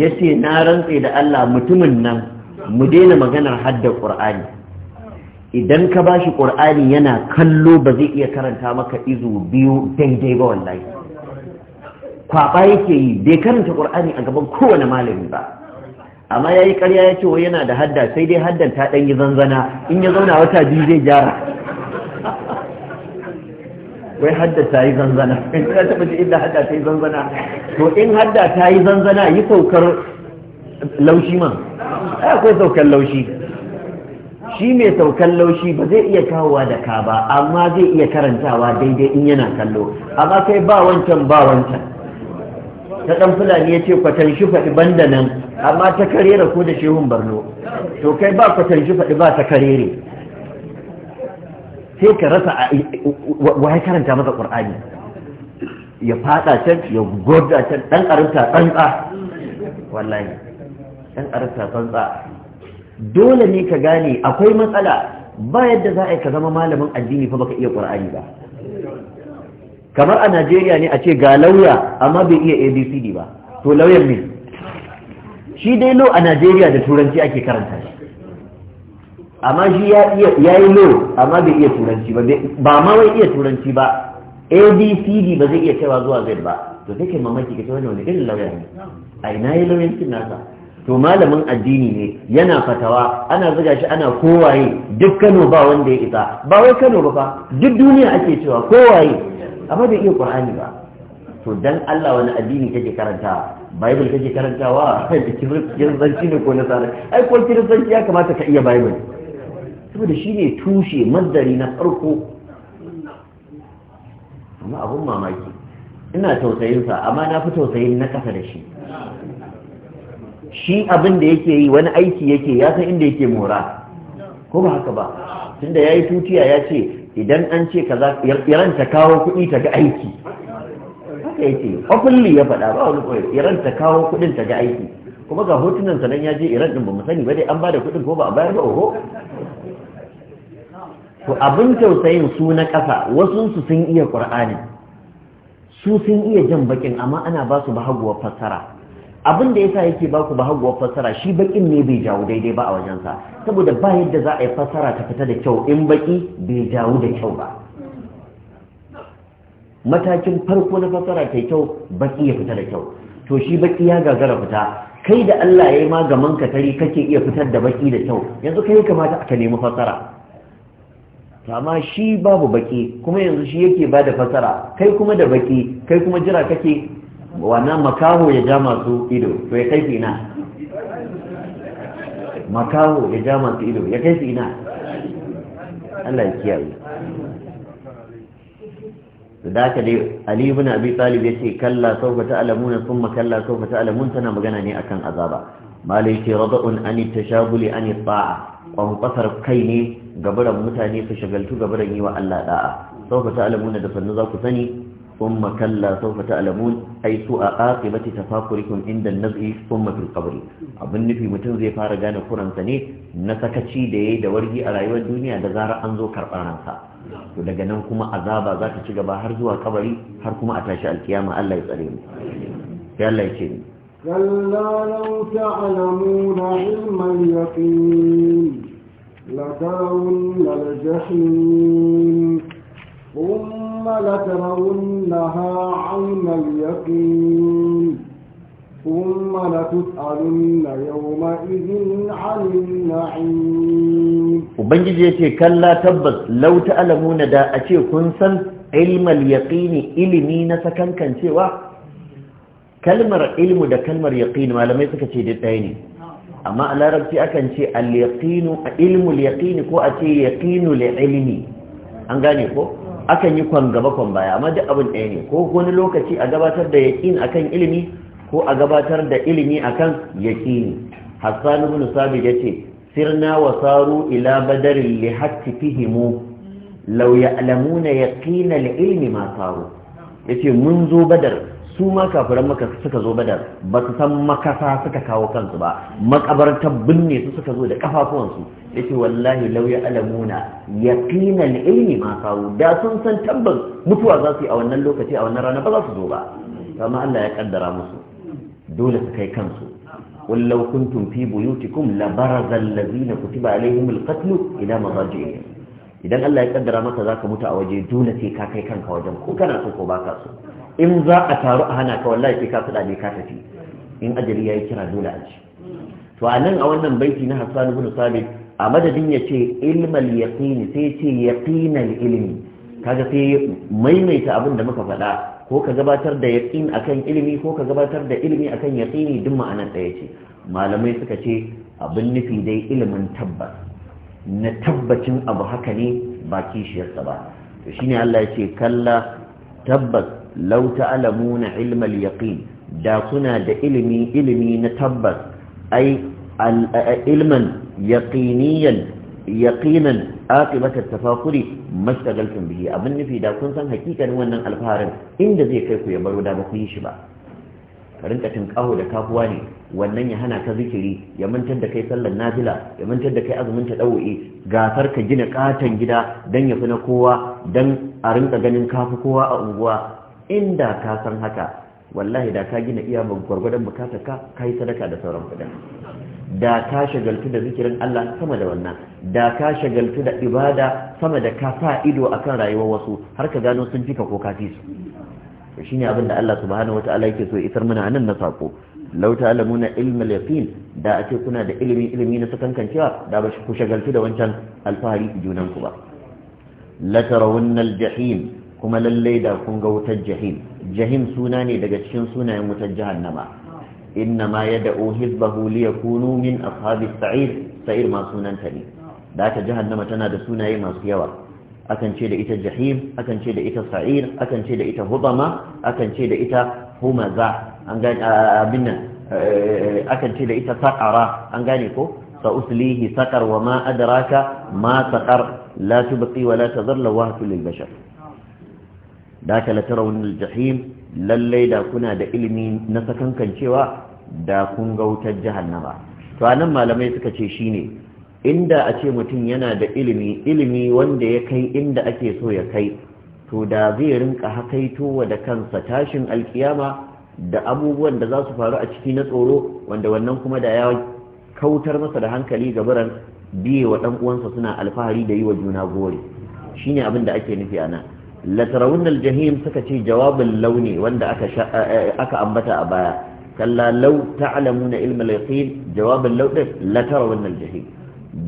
yace na rantse da allah mutumin nan mu daina maganar hadda ƙur'ani idan ka bashi ƙur'ani yana kallo ba zai iya karanta maka izo biyu daidai ba wallahi kwaɓa yake yi bai karanta ƙur'ani a gaban kowane malami ba amma ya yi ƙarya ya ce wai yana da hadda sai dai haddan ta ɗan yi zanzana in ya zauna wata biyu zai gyara wai hadda ta yi zanzana in (laughs) ka taɓa ji inda hadda ta yi zanzana to in hadda ta yi zanzana yi saukar laushi ma akwai saukar laushi shi mai saukar laushi ba zai iya kawowa da ka ba amma zai iya karantawa daidai in yana kallo amma kai ba wancan ba wancan ta ɗan fulani ya ce kwatan shi faɗi banda nan amma ta karera ko da shehun barno to kai ba kwatan shi faɗi ba ta karere sai ka rasa wa ya karanta masa ƙwar'ani ya fada can ya gwada can dan ƙarinta tsantsa wallahi dan ƙarinta tsantsa dole ne ka gane akwai matsala ba yadda za a yi ka zama malamin addini fa baka iya ƙwar'ani ba kamar a Najeriya ne a ce ga lauya amma bai iya ABCD ba to lauyan ne shi dai lo a Najeriya da turanci ake karanta shi amma shi ya iya yayi lo amma bai iya turanci ba ba ma wai iya turanci ba abcd ba zai iya cewa zuwa z ba to take mamaki ka ce wani wani irin lauya ne a ina yi lauyancin nasa to malamin addini ne yana fatawa ana zuga shi ana kowaye duk Kano ba wanda ya isa ba wai Kano ba fa duk duniya ake cewa kowaye amma bai iya Qur'ani ba to dan Allah wani addini kake karantawa Bible kake karantawa da (laughs) kiristanci ne ko nasara ai ko kiristanci ya kamata ka iya Bible saboda shi ne tushe mazari na farko amma abun mamaki ina tausayinsa amma na fi tausayin na kasa da shi shi abin da yake yi wani aiki yake ya san inda yake mora ko ba haka ba tunda ya yi tutiya ya ce idan an ce kaza iran ta kawo kuɗi ta ga aiki haka yake openly ya faɗa ba wani ƙwai, iran ta kawo kuɗin ta ga aiki kuma ga hotunan sanan ya je iran ɗin ba mu sani ba dai an ba da kuɗin ko ba a bayar ba oho to abin tausayin su na ƙasa wasu su sun iya ƙur'ani su sun iya jan baƙin, amma ana ba su bahaguwar fassara abin da yasa yake ba ku bahaguwar fassara shi bakin ne bai jawo daidai ba a wajensa saboda ba yadda za a yi fassara ta fita da kyau in baki bai jawo da kyau ba matakin farko na fassara ta kyau baki ya fita da kyau to shi baki ya gagara fita kai da Allah ya yi ma gaman ka tari kake iya fitar da baƙi da kyau yanzu kai kamata ka nemi fassara amma shi babu baki kuma yanzu shi yake ba da fasara kai kuma da baki kai kuma jira kake wannan makaho ya ja masu ido to ya kai su ina makaho ya ja masu ido ya kai su ina Allah ya kiyaye da haka dai Ali ibn Abi Talib yace kalla sawfa ta'lamuna thumma kalla sawfa ta'lamun tana magana ne akan azaba malai ce rada'un an tashabuli an ta'a kwan kasar kai ne gabaran mutane su shagaltu gabaran yi wa Allah da'a sauka ta'lamuna da sannu za ku sani ثم كلا سوف a أي سوء عاقبة تفاكركم عند النزع sun في القبر abin nufi mutum zai fara gane kuransa ne na sakaci da yi da wargi a rayuwar duniya da zarar an zo karɓar ransa to daga nan kuma azaba za ta ci gaba har zuwa kabari har kuma a tashi alkiyama Allah ya tsare mu sai Allah ya ce ni kalla لترون الجحيم ثم لترونها عين اليقين ثم لتسألن يومئذ عن النعيم وبنجي يتي كلا تبس لو تعلمون دا أشي كنسن علم اليقين إلمي نسكن كان سوا كلمة علم دا كلمة يقين ما لم يسكت شيء دي amma a larabci akan ce al-yaqinu ilmul yaqini ko a ce yaqinul ilimi. an gane ko akan yi kwan gaba kwan baya amma duk abin ɗaya ne ko wani lokaci a gabatar da yaqin akan ilimi ko a gabatar da ilmi akan yaƙini? hassan ibn ya yace sirna wa saru ila badarin li hatti fihimu law ya'lamuna yaqina al ma saru yace mun zo badar su ma kafiran maka suka zo badar ba su san makasa suka kawo kansu ba makabartar binne su suka zo da kafafuwansu yace wallahi lauya ya alamuna yaqinal ilmi ma kawo da sun san tabbas mutuwa za su yi a wannan lokaci a wannan rana ba za su zo ba Kama Allah ya kaddara musu dole su kai kansu qul kuntum fi buyutikum la baraza allazina kutiba alaihim alqatl ila madaji'ihim idan Allah ya kaddara maka zaka mutu a waje dole sai ka kai kanka wajen ko kana so ko baka so in za a taru a hana ka wallahi sai ka fada ne ka tafi in ajali yayi kira dole a ci to a nan a wannan baiti na Hassan ibn Sabit a madadin ya ce ilmal yaqin sai ce yaqinal ilmi kaga sai maimaita abin da muka faɗa ko ka gabatar da yaqin akan ilmi ko ka gabatar da ilmi akan yaqini duk ma'anar ɗaya ce malamai suka ce abin nufi dai ilimin tabbas na tabbacin abu haka ne ba kishiyarsa ba to shine Allah ya ce kalla tabbas law na ilmal yaƙin, da suna da ilimi ilimi na tabbas ai ilman yaqiniyan yaqinan aqibata tafakuri mashtagaltum bihi abin nufi da kun san hakikanin wannan alfaharin inda zai kai ku ya baro da ba ku yi shi ba ka rinka tinkaho da kafuwa ne wannan ya hana ka zikiri ya mantar da kai sallar nafila ya mantar da kai azumin ta dawo'i gasar ka gina katon gida dan ya fi na kowa dan a rinka ganin kafi kowa a unguwa inda ka san haka wallahi da ka gina iya gwargwadon bukatar ka kai sadaka da sauran kudin da ka shagaltu da zikirin Allah sama da wannan da ka shagaltu da ibada sama da ka sa ido akan rayuwar wasu har ka gano sun fika ko ka fi su shine abin da Allah subhanahu wataala yake so isar mana anan na sako law ta'lamuna ilmal yaqin da ake kuna da ilimi ilimi na sakankancewa da ba ku shagaltu da wancan alfahari junan ku ba la tarawunnal jahim kuma lallai da kun ga wutar jahim jahim suna ne daga cikin sunayen wutar jahannama inna ma ya da'o hizbahu li yakunu min ashabi sa'ir sa'ir ma sunanta ne da aka jahannama tana da sunaye masu yawa akan ce da ita jahim akan ce da ita sa'ir akan ce da ita hudama akan ce da ita humaza an abin nan akan ce da ita saqara an gane ko uslihi saqar wa ma adraka ma saqar la tubqi wa la tadhar lawahatu lil bashar da ka latarawun aljahim lallai da kuna da ilimi na sakankancewa da kun ga wutar jahannama to anan malamai suka ce shine inda a ce mutum yana da ilimi ilimi wanda ya kai inda ake so ya kai to da zai rinka hakaitowa da kansa tashin alkiyama da abubuwan da za su faru a ciki na tsoro wanda wannan kuma da ya kautar masa da hankali ga biye wa ɗan uwansa suna alfahari da yi wa juna gore shine abin da ake nufi a nan latarawun aljahim suka ce jawabin launi wanda aka ambata a baya kalla law na ilmal yaqin jawabin law latarawun aljahim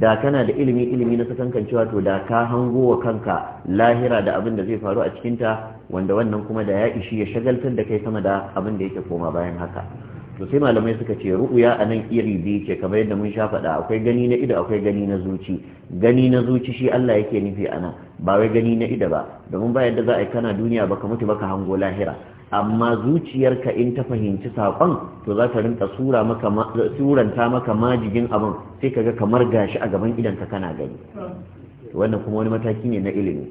da kana da ilimi ilimi na sakankancewa to da ka hango wa kanka lahira da abin da zai faru a cikinta wanda wannan kuma da ya ishi ya shagaltar da kai sama da abin da yake koma bayan haka to sai malamai suka ce ru'uya a nan iri biyu ce kamar yadda mun sha faɗa akwai gani na ido akwai gani na zuci gani na zuci shi Allah yake nufi a nan ba wai gani na ido ba domin ba yadda za a yi kana duniya ba ka mutu ba ka hango lahira amma zuciyarka in ta fahimci saƙon to za ta rinka maka suranta maka majigin abin sai ka ga kamar gashi a gaban idanka kana gani wannan kuma wani mataki ne na ilimi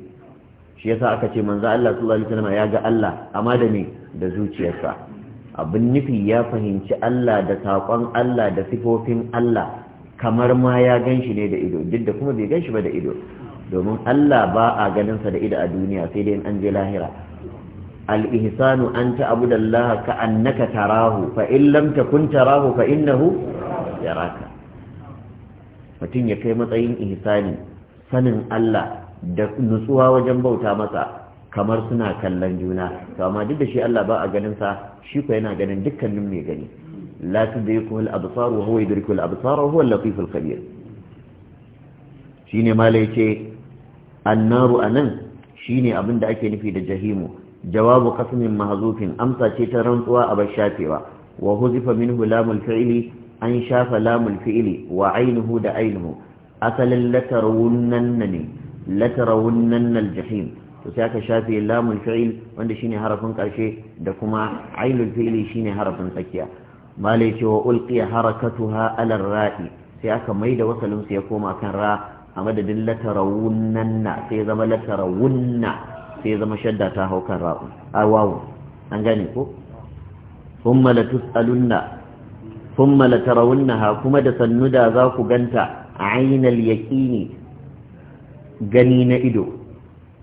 shi yasa aka ce manzo Allah sallallahu alaihi wasallam ya ga Allah amma da me da zuciyarsa abin nufi ya fahimci Allah da saƙon Allah da sifofin Allah kamar ma ya gan shi ne da ido duk da kuma bai gan shi ba da ido domin Allah ba a ganinsa da ido a duniya sai dai an je lahira al-ihsanu an ta Allah ka annaka tarahu fa in lam takun tarahu fa innahu yaraka mutum ya kai matsayin ihsani sanin Allah da nutsuwa wajen bauta masa kamar suna kallon juna to amma duk da shi Allah ba a ganin sa shi ko yana ganin dukkanin mai gani la tudriku al absar wa huwa yudriku al absar wa huwa al latif al khabir shine mala yace annaru anan shine abin da ake nufi da jahimu jawabu qasmin mahzufin amsa ce ta rantsuwa a bashafewa wa huzifa minhu lamul fi'li an shafa lamul fi'li wa ainuhu da ainuhu asalin latarawunnan ne latarawunnan al jahim to sai aka shafe lamun fi'il wanda shine harafin karshe da kuma ainul fi'ili shine harafin tsakiya malai ce wa ulqiya harakatuha ala ra'i sai aka maida wasalin su ya koma kan ra a madadin latarawunna sai zama latarawunna sai zama shadda ta hau kan ra'u an gane ko thumma latus'alunna thumma latarawunnaha kuma da sannu da za ku ganta ainal yaqini gani na ido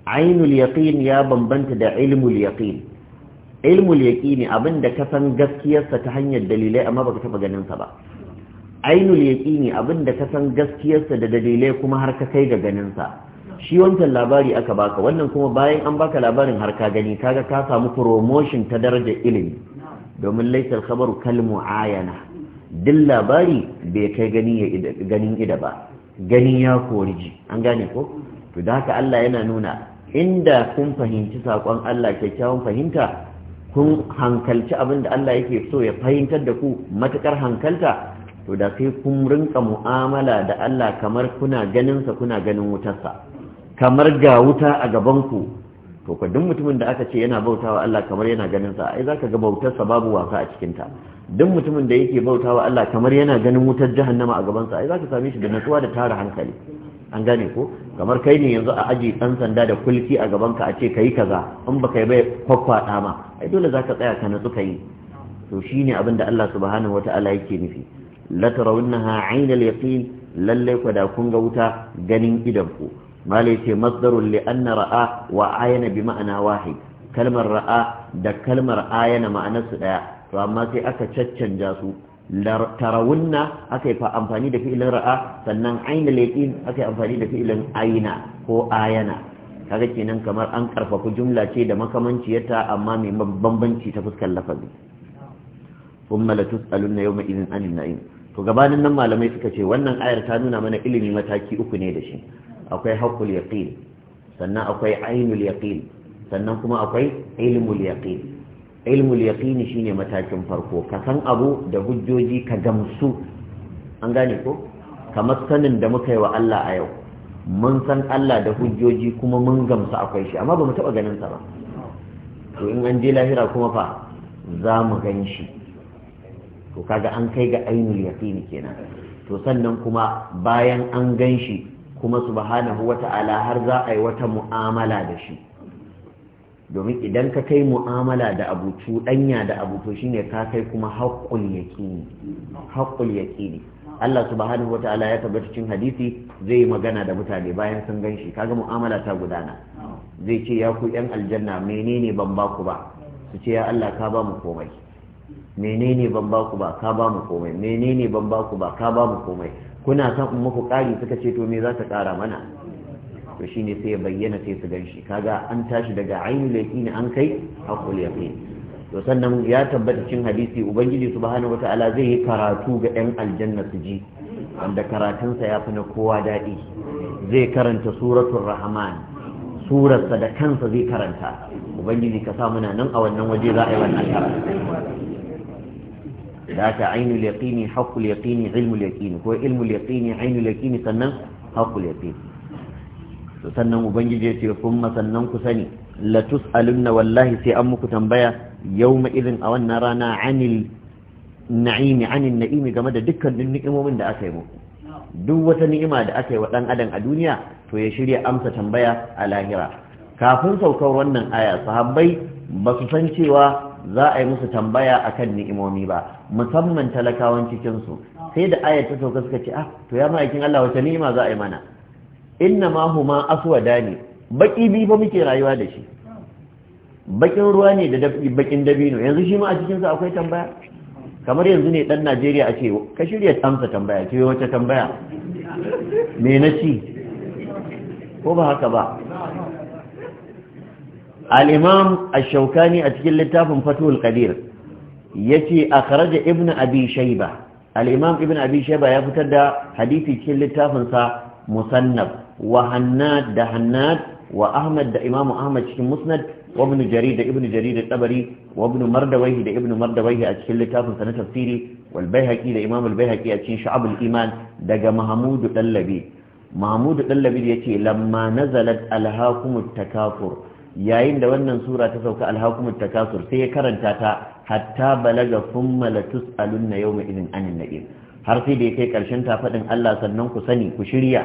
ainul yaqin ya bambanta da ilmul yaqin ilmul abin abinda ka san gaskiyarsa ta hanyar dalilai amma baka taba ganin sa ba ainul abin abinda ka san gaskiyarsa da dalilai kuma har ka kai ga ganin sa shi wancan labari aka baka wannan kuma bayan an baka labarin har ka gani kaga ka samu promotion ta darajar ilimi domin al khabaru kal ayana din labari bai kai gani ya ganin ida ba gani ya koriji an gane ko to da haka Allah yana nuna inda kun fahimci saƙon Allah kyakkyawan fahimta kun hankalci abin da Allah yake so ya fahimtar da ku matukar hankalta to da sai kun rinka mu'amala da Allah kamar kuna ganinsa kuna ganin wutarsa kamar ga wuta a gabanku to ka duk mutumin da aka ce yana bautawa Allah kamar yana ganin sa ai zaka ga bautarsa babu wasa a cikin ta duk mutumin da yake bautawa Allah kamar yana ganin wutar jahannama a gaban sa ai zaka same shi da natsuwa da tara hankali an gane ko kamar kai ne yanzu a aji ɗan sanda da kulki a gaban ka a ce kai kaza in baka yi bai kwakwaɗa ma ai dole za ka tsaya ka natsu ka yi to shine abin da Allah subhanahu wata'ala yake nufi la tarawunnaha aynal yaqin lalle ku da kun ga wuta ganin idan ku malai ce masdarul li anna ra'a wa ayana bi ma'ana wahid kalmar ra'a da kalmar ayana ma'anarsu daya to amma sai aka caccanja su tarawunna aka yi amfani da fi'ilin ra'a sannan aina laifin aka yi amfani da fi'ilin aina ko ayana kaga kenan kamar an karfafa jumla ce da makamanciyarta amma mai bambanci ta fuskar lafazi thumma latus'alunna yawma idhin anin na'im to gabanin nan malamai suka ce wannan ayar ta nuna mana ilimi mataki uku ne da shi akwai haqqul yaqin sannan akwai ainul yaqin sannan kuma akwai ilmul yaqin ilmul yaqini shine matakin farko ka san abu da hujjoji ka gamsu an gane ko kamar sanin da muka yi wa Allah a yau mun san Allah da hujjoji kuma mun gamsu akwai shi amma ba mu taɓa ganin sa ba to in an je lahira kuma fa za mu gan shi to kaga an kai ga ainul yaqini kenan to sannan kuma bayan an gan shi kuma subhanahu wata'ala har za a yi wata mu'amala da shi domin idan ka kai mu'amala da abutu danya da abutu shine ka kai kuma haƙƙul yaƙini haƙƙul yaqini Allah subhanahu wata'ala ya tabbata cikin hadisi zai yi magana da mutane bayan sun ganshi kaga mu'amala ta gudana zai ce ya ku yan aljanna menene ban ba ku ba su ce ya Allah ka ba mu komai menene ban ba ku ba ka ba mu komai menene ban ba ku ba ka ba mu komai kuna san in muku ƙari suka ce to me za ta ƙara mana to shine sai ya bayyana sai su gan shi kaga an tashi daga ainul yaqini an kai haqqul yaqin to sannan ya tabbata cin hadisi ubangiji subhanahu wataala zai yi karatu ga yan aljanna su ji wanda karatunsa ya fi na kowa daɗi zai karanta suratul rahman surarsa da kansa zai karanta ubangiji ka sa muna nan a wannan waje za a yi wannan karatu da ta ainul yaqini haqqul yaqini ilmul yaqini ko ilmul yaqini ainul yaqini sannan haqqul yaqini sannan ubangiji ya ce kuma sannan ku sani la tus'alunna wallahi sai an muku tambaya yawma idin a wannan rana anil na'imi anil na'imi game da dukkanin ni'imomin da aka yi muku duk wata ni'ima da aka yi wa dan adam a duniya to ya shirya amsa tambaya a lahira kafin saukar wannan aya sahabbai ba su san cewa za a yi musu tambaya akan ni'imomi ba musamman talakawan cikinsu sai da aya ta sauka suka ce ah to ya ma'aikin Allah wata ni'ima za a yi mana inna ma huma aswada ne baki bi fa muke rayuwa da shi bakin ruwa ne da bakin dabino yanzu shi ma a cikin sa akwai tambaya kamar yanzu ne dan Najeriya a ce ka shirya amsa tambaya ce wace tambaya me na ci ko ba haka ba al-imam ash-shawkani a cikin littafin fatul qadir yace akhraja ibn abi shayba al-imam ibn abi shayba ya fitar da hadisi cikin littafin sa musannaf wa hannad da hannad wa ahmad da imam ahmad cikin musnad wa ibn jarir da ibn jarir da tabari wa ibn mardawaihi da ibn mardawaihi a cikin littafin sa na tafsiri wal baihaqi da imam al baihaqi a cikin shu'ab iman daga mahmud dallabi mahmud dallabi yace lamma nazalat alhaakum takafur yayin da wannan sura ta sauka alhaakum takafur sai ya karanta ta hatta balaga thumma latus'alunna yawma idin anin na'im har sai da ya kai karshen ta faɗin Allah sannan ku sani ku shirya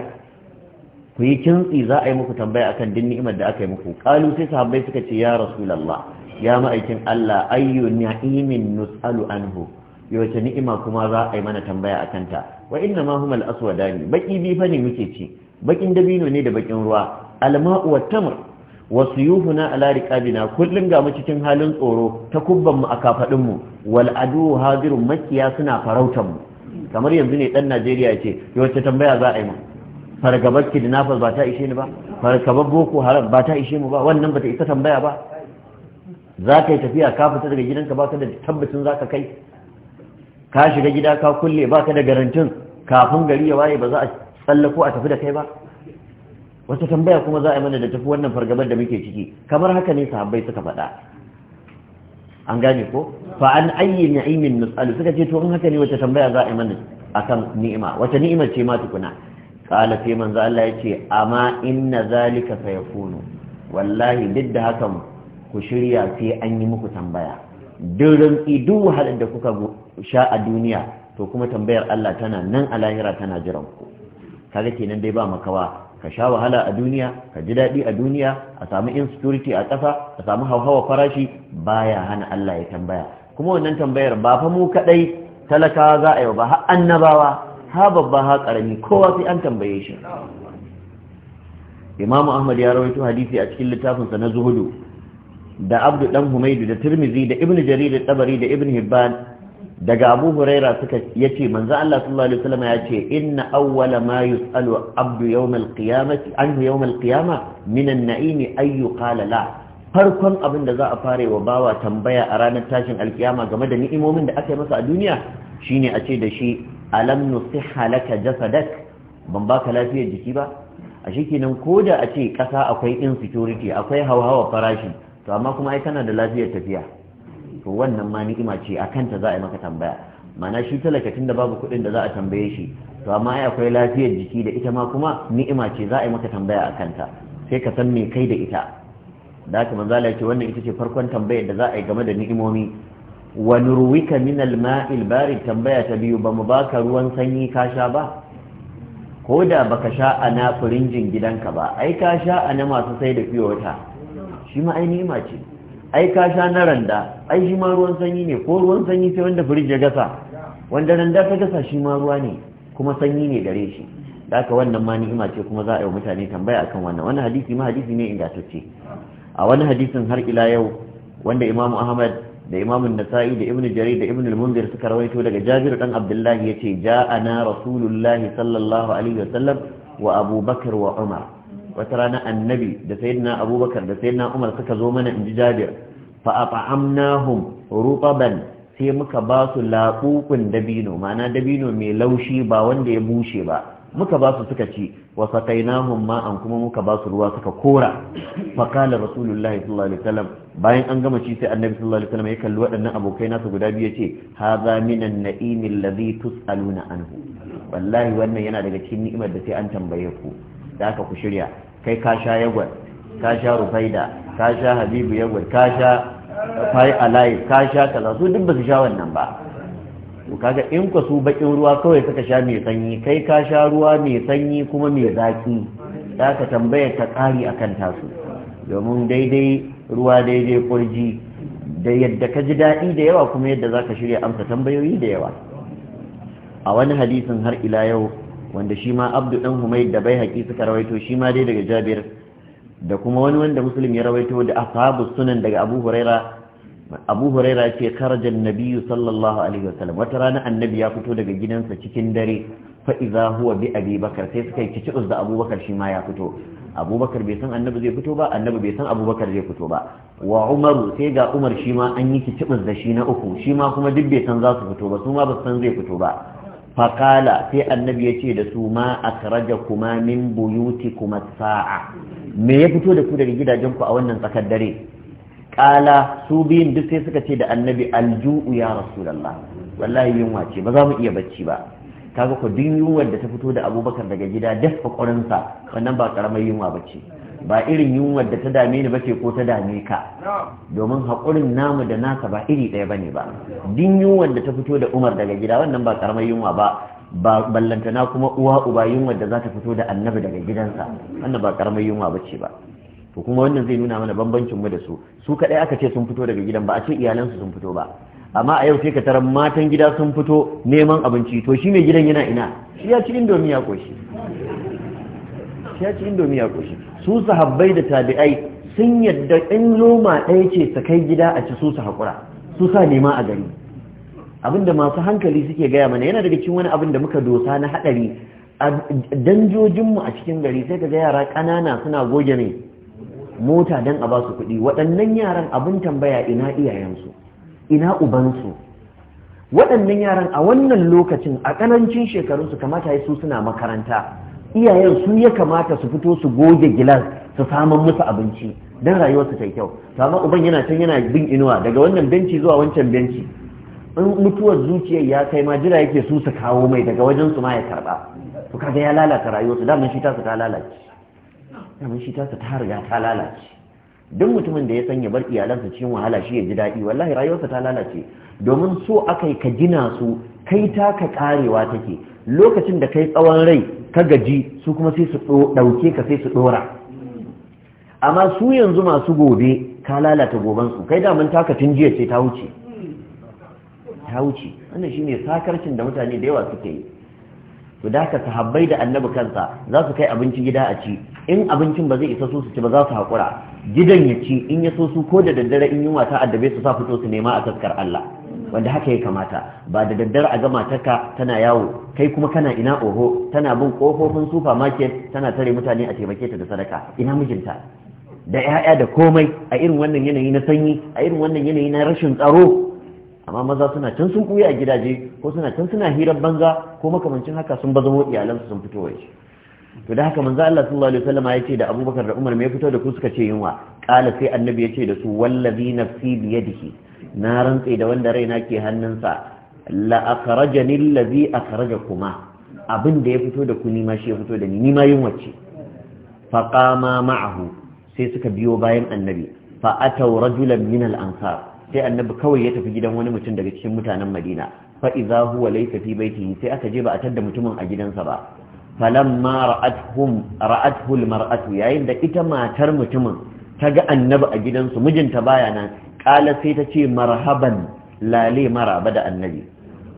ku yi kintsi za a yi muku tambaya akan din ni'imar da aka yi muku kalu sai sahabbai suka ce ya rasu rasulullah ya ma'aikin Allah ayyu na'imin nus'alu anhu yawace ni'ima kuma za a yi mana tambaya akan ta wa inna ma humal aswadani baki bi fa ne muke ci bakin dabino ne da bakin ruwa alma'u wat tamr wa suyuhuna ala riqabina kullun ga mu cikin halin tsoro ta kubban mu a kafadin mu Wal'adu adu makiya suna farautan mu kamar yanzu ne dan Najeriya ce yawace tambaya za a yi mana fargabar kidnappers ba ta ishe ni ba fargabar boko haram ba ta ishe mu ba wannan ba ta isa tambaya ba za ka yi tafiya ka fita daga gidanka ba ka da tabbacin za ka kai ka shiga gida ka kulle ba ka da garantin kafin gari ya waye ba za a tsallako a tafi da kai ba wata tambaya kuma za a yi mana da tafi wannan fargabar da muke ciki kamar haka ne sahabbai suka faɗa an gane ko fa an ayyi ni'imin nus'alu suka ce to in haka ne wata tambaya za a yi mana akan ni'ima wata ni'imar ce ma tukuna qala sai manzo Allah yace amma inna zalika sayakunu wallahi duk da hakan ku shirya sai an yi muku tambaya duk rantsi duk wahalar da kuka sha a duniya to kuma tambayar Allah tana nan a lahira tana jiran ku kaga kenan dai ba makawa ka sha wahala a duniya ka ji daɗi a duniya a samu insecurity a ƙasa a samu hauhawa farashi baya hana Allah ya tambaya kuma wannan tambayar ba fa mu kaɗai talakawa za a yi ba har annabawa ha babba ha karami kowa sai an tambaye shi imamu ahmad ya rawaito hadisi a cikin littafinsa na zuhudu da abdu dan humaidu da tirmizi da ibnu jarir da tabari da ibnu hibban daga abu huraira suka yace manzo Allah sallallahu alaihi wasallam ya ce inna awwala ma yusalu abdu yawm alqiyamati anhu yawm alqiyama min an-na'imi ay yuqala la farkon abin da za a fara wa bawa tambaya a ranar tashin alkiyama game da ni'imomin da aka yi masa a duniya shine a ce da shi alam nusihha laka jasadak ban baka lafiyar jiki ba a shikenan ko da a ce kasa akwai insecurity akwai hauhawa farashi to amma kuma ai kana da lafiyar tafiya to wannan ma ni'ima ce akan ta za a yi maka tambaya mana shi talaka da babu kuɗin da za a tambaye shi to amma ai akwai lafiyar jiki da ita ma kuma ni'ima ce za a yi maka tambaya akan ta sai ka san me kai da ita da haka manzala ce wannan ita ce farkon tambayar da za a yi game da ni'imomi wa nurwika min al-ma'il barid tambaya ta biyu ba mu baka ruwan sanyi ka sha ba ko da baka sha a na firinjin gidanka ba ai ka sha a na masu sai da fiye wata shi ma ai ni'ima ce ai ka sha na randa ai shi ma ruwan sanyi ne ko ruwan sanyi sai wanda firij ya gasa wanda randa ta gasa shi ma ruwa ne kuma sanyi ne gare shi da ka wannan ma ni'ima ce kuma za a yi mutane tambaya akan wannan wannan hadisi ma hadisi ne ingantacce a wani hadisin har ila yau wanda imamu ahmad da imamun nasa'i da ibnu jarir da ibnu al-munzir suka rawaito daga jabir dan abdullahi yace ja'ana rasulullahi sallallahu alaihi wasallam wa abubakar wa umar wata rana annabi da sayyidina abubakar da sayyidina umar suka zo mana inji jabir fa at'amnahum rutaban sai muka ba su laƙuƙun dabino ma'ana dabino mai laushi ba wanda ya bushe ba muka ba su suka ci wa namun ma'an kuma muka ba su ruwa suka kora fakalar qala sallallahu alaihi wasallam bayan an gama ci sai annabi sallallahu alaihi wasallam ya kalli waɗannan abokai nasa guda biyu ce haza minan na'imil ladhi tus'aluna anhu wallahi wannan yana daga cikin ni'imar da sai an tambaye ku da aka ku shirya kai ka sha yagwar ka sha rufaida ka sha habibu yagwar ka sha fai alai ka sha kaza duk ba su sha wannan ba to kaga in ku su bakin ruwa kawai suka sha mai sanyi kai ka sha ruwa mai sanyi kuma mai zaki za ka tambaya ta a kan tasu domin daidai ruwa daidai kurji da yadda ka ji daɗi da yawa kuma yadda za ka shirya amsa tambayoyi da yawa a wani hadisin har ila yau wanda shi ma abdu ɗan humaid da bai haƙi suka rawaito shi ma dai daga jabir da kuma wani wanda musulun ya rawaito da ashabu sunan daga abu huraira abu huraira ce karajan nabiyu sallallahu alaihi wasallam wata rana annabi ya fito daga gidansa cikin dare fa iza huwa bi abi bakar sai suka yi kicikus da abubakar shi ma ya fito abubakar bai san annabi zai fito ba annabi bai san abubakar zai fito ba wa umaru sai ga umar shi ma an yi kicikus da shi na uku shi ma kuma duk bai san za su fito ba su ma ba san zai fito ba Faƙala sai annabi ya ce da su ma akraja kuma min buyuti kuma sa'a me ya fito da ku daga gidajenku a wannan tsakar dare kala su biyun duk sai suka ce da annabi alju'u ya rasulallah wallahi yunwa ce ba za mu iya bacci ba kaga ko duk yunwar da ta fito da abubakar daga gida dafa kwarinsa wannan ba karamar yunwa ba ce ba irin yunwar da ta dame ni bace ko ta dame ka domin haƙurin namu da naka ba iri ɗaya bane ba duk yunwar da ta fito da umar daga gida wannan ba karamar yunwa ba ba ballantana kuma uwa uba yunwar da za ta fito da annabi daga gidansa wannan ba karamar yunwa bace ba to kuma wannan zai nuna mana bambancin mu da su su kadai aka ce sun fito daga gidan ba a ce iyalansu sun fito ba amma a yau sai ka tarar matan gida sun fito neman abinci to shi mai gidan yana ina shi ya ci indomi ya koshi shi ya ci indomi ya koshi su sahabbai da tabi'ai sun yadda in loma ɗaya ce ta kai gida a ci su su su sa nema a gari Abin da masu hankali suke gaya mana yana daga cikin wani abin da muka dosa na haɗari a danjojinmu a cikin gari sai ka ga yara ƙanana suna goge ne mota don a ba su kuɗi waɗannan yaran abin tambaya ina iyayensu ina ubansu waɗannan yaran a wannan lokacin a ƙanancin shekarunsu kamata ya su suna makaranta iyayen su ya kamata su fito su goge gilas su samun musu abinci don rayuwarsu ta kyau to amma uban yana can yana bin inuwa daga wannan benci zuwa wancan benci in mutuwar zuciyar ya kai ma jira yake su su kawo mai daga wajen su ma ya karba to kaga ya lalata rayuwarsu daman shi ta su ta lalace kamar shi tasa ta riga ta lalace duk mutumin da ya san ya bar iyalansa cikin wahala shi ya ji daɗi wallahi rayuwarsa ta lalace domin so akai ka gina su kai ta ka karewa take lokacin da kai tsawon rai ka gaji su kuma sai su ɗauke ka sai su ɗora amma su yanzu masu gobe ka lalata gobansu kai damun taka tun jiya ce ta wuce ta wuce wannan shine sakarcin da mutane da yawa suke yi to da ka sahabbai da annabi kansa za su kai abinci gida a ci in abincin ba zai isa su su ci ba za su haƙura gidan ya ci in ya so su ko da daddare in yunwa ta addabe su sa fito su nema a taskar Allah wanda haka ya kamata ba da daddare a gama taka tana yawo kai kuma kana ina oho tana bin kofofin supermarket tana tare mutane a taimake ta da sadaka ina mijinta da 'ya'ya da komai a irin wannan yanayi na sanyi a irin wannan yanayi na rashin tsaro amma maza suna can sun ɓuya a gidaje ko suna can suna hirar banza ko makamancin haka sun bazo iyalansu sun fito waje to da haka manzo Allah sallallahu alaihi wasallam ya ce da Abubakar da Umar me ya fito da ku suka ce yunwa kala sai annabi ya ce da su wallazi nafsi bi yadihi na rantse da wanda raina ke hannunsa la akhrajani allazi akhrajakuma abin da ya fito da ku nima shi ya fito da ni nima yunwa ce fa qama ma'ahu sai suka biyo bayan annabi fa ataw rajulan min al ansar sai annabi kawai ya tafi gidan wani mutum daga cikin mutanen Madina fa idza huwa laysa fi baitihi sai aka je ba a tadda mutumin a gidansa ba falamma ra'atuhum ra'atuhu almar'atu yayin da ita matar mutumin ta ga annabi a gidansu mijinta baya nan kala sai ta ce marhaban lale maraba da annabi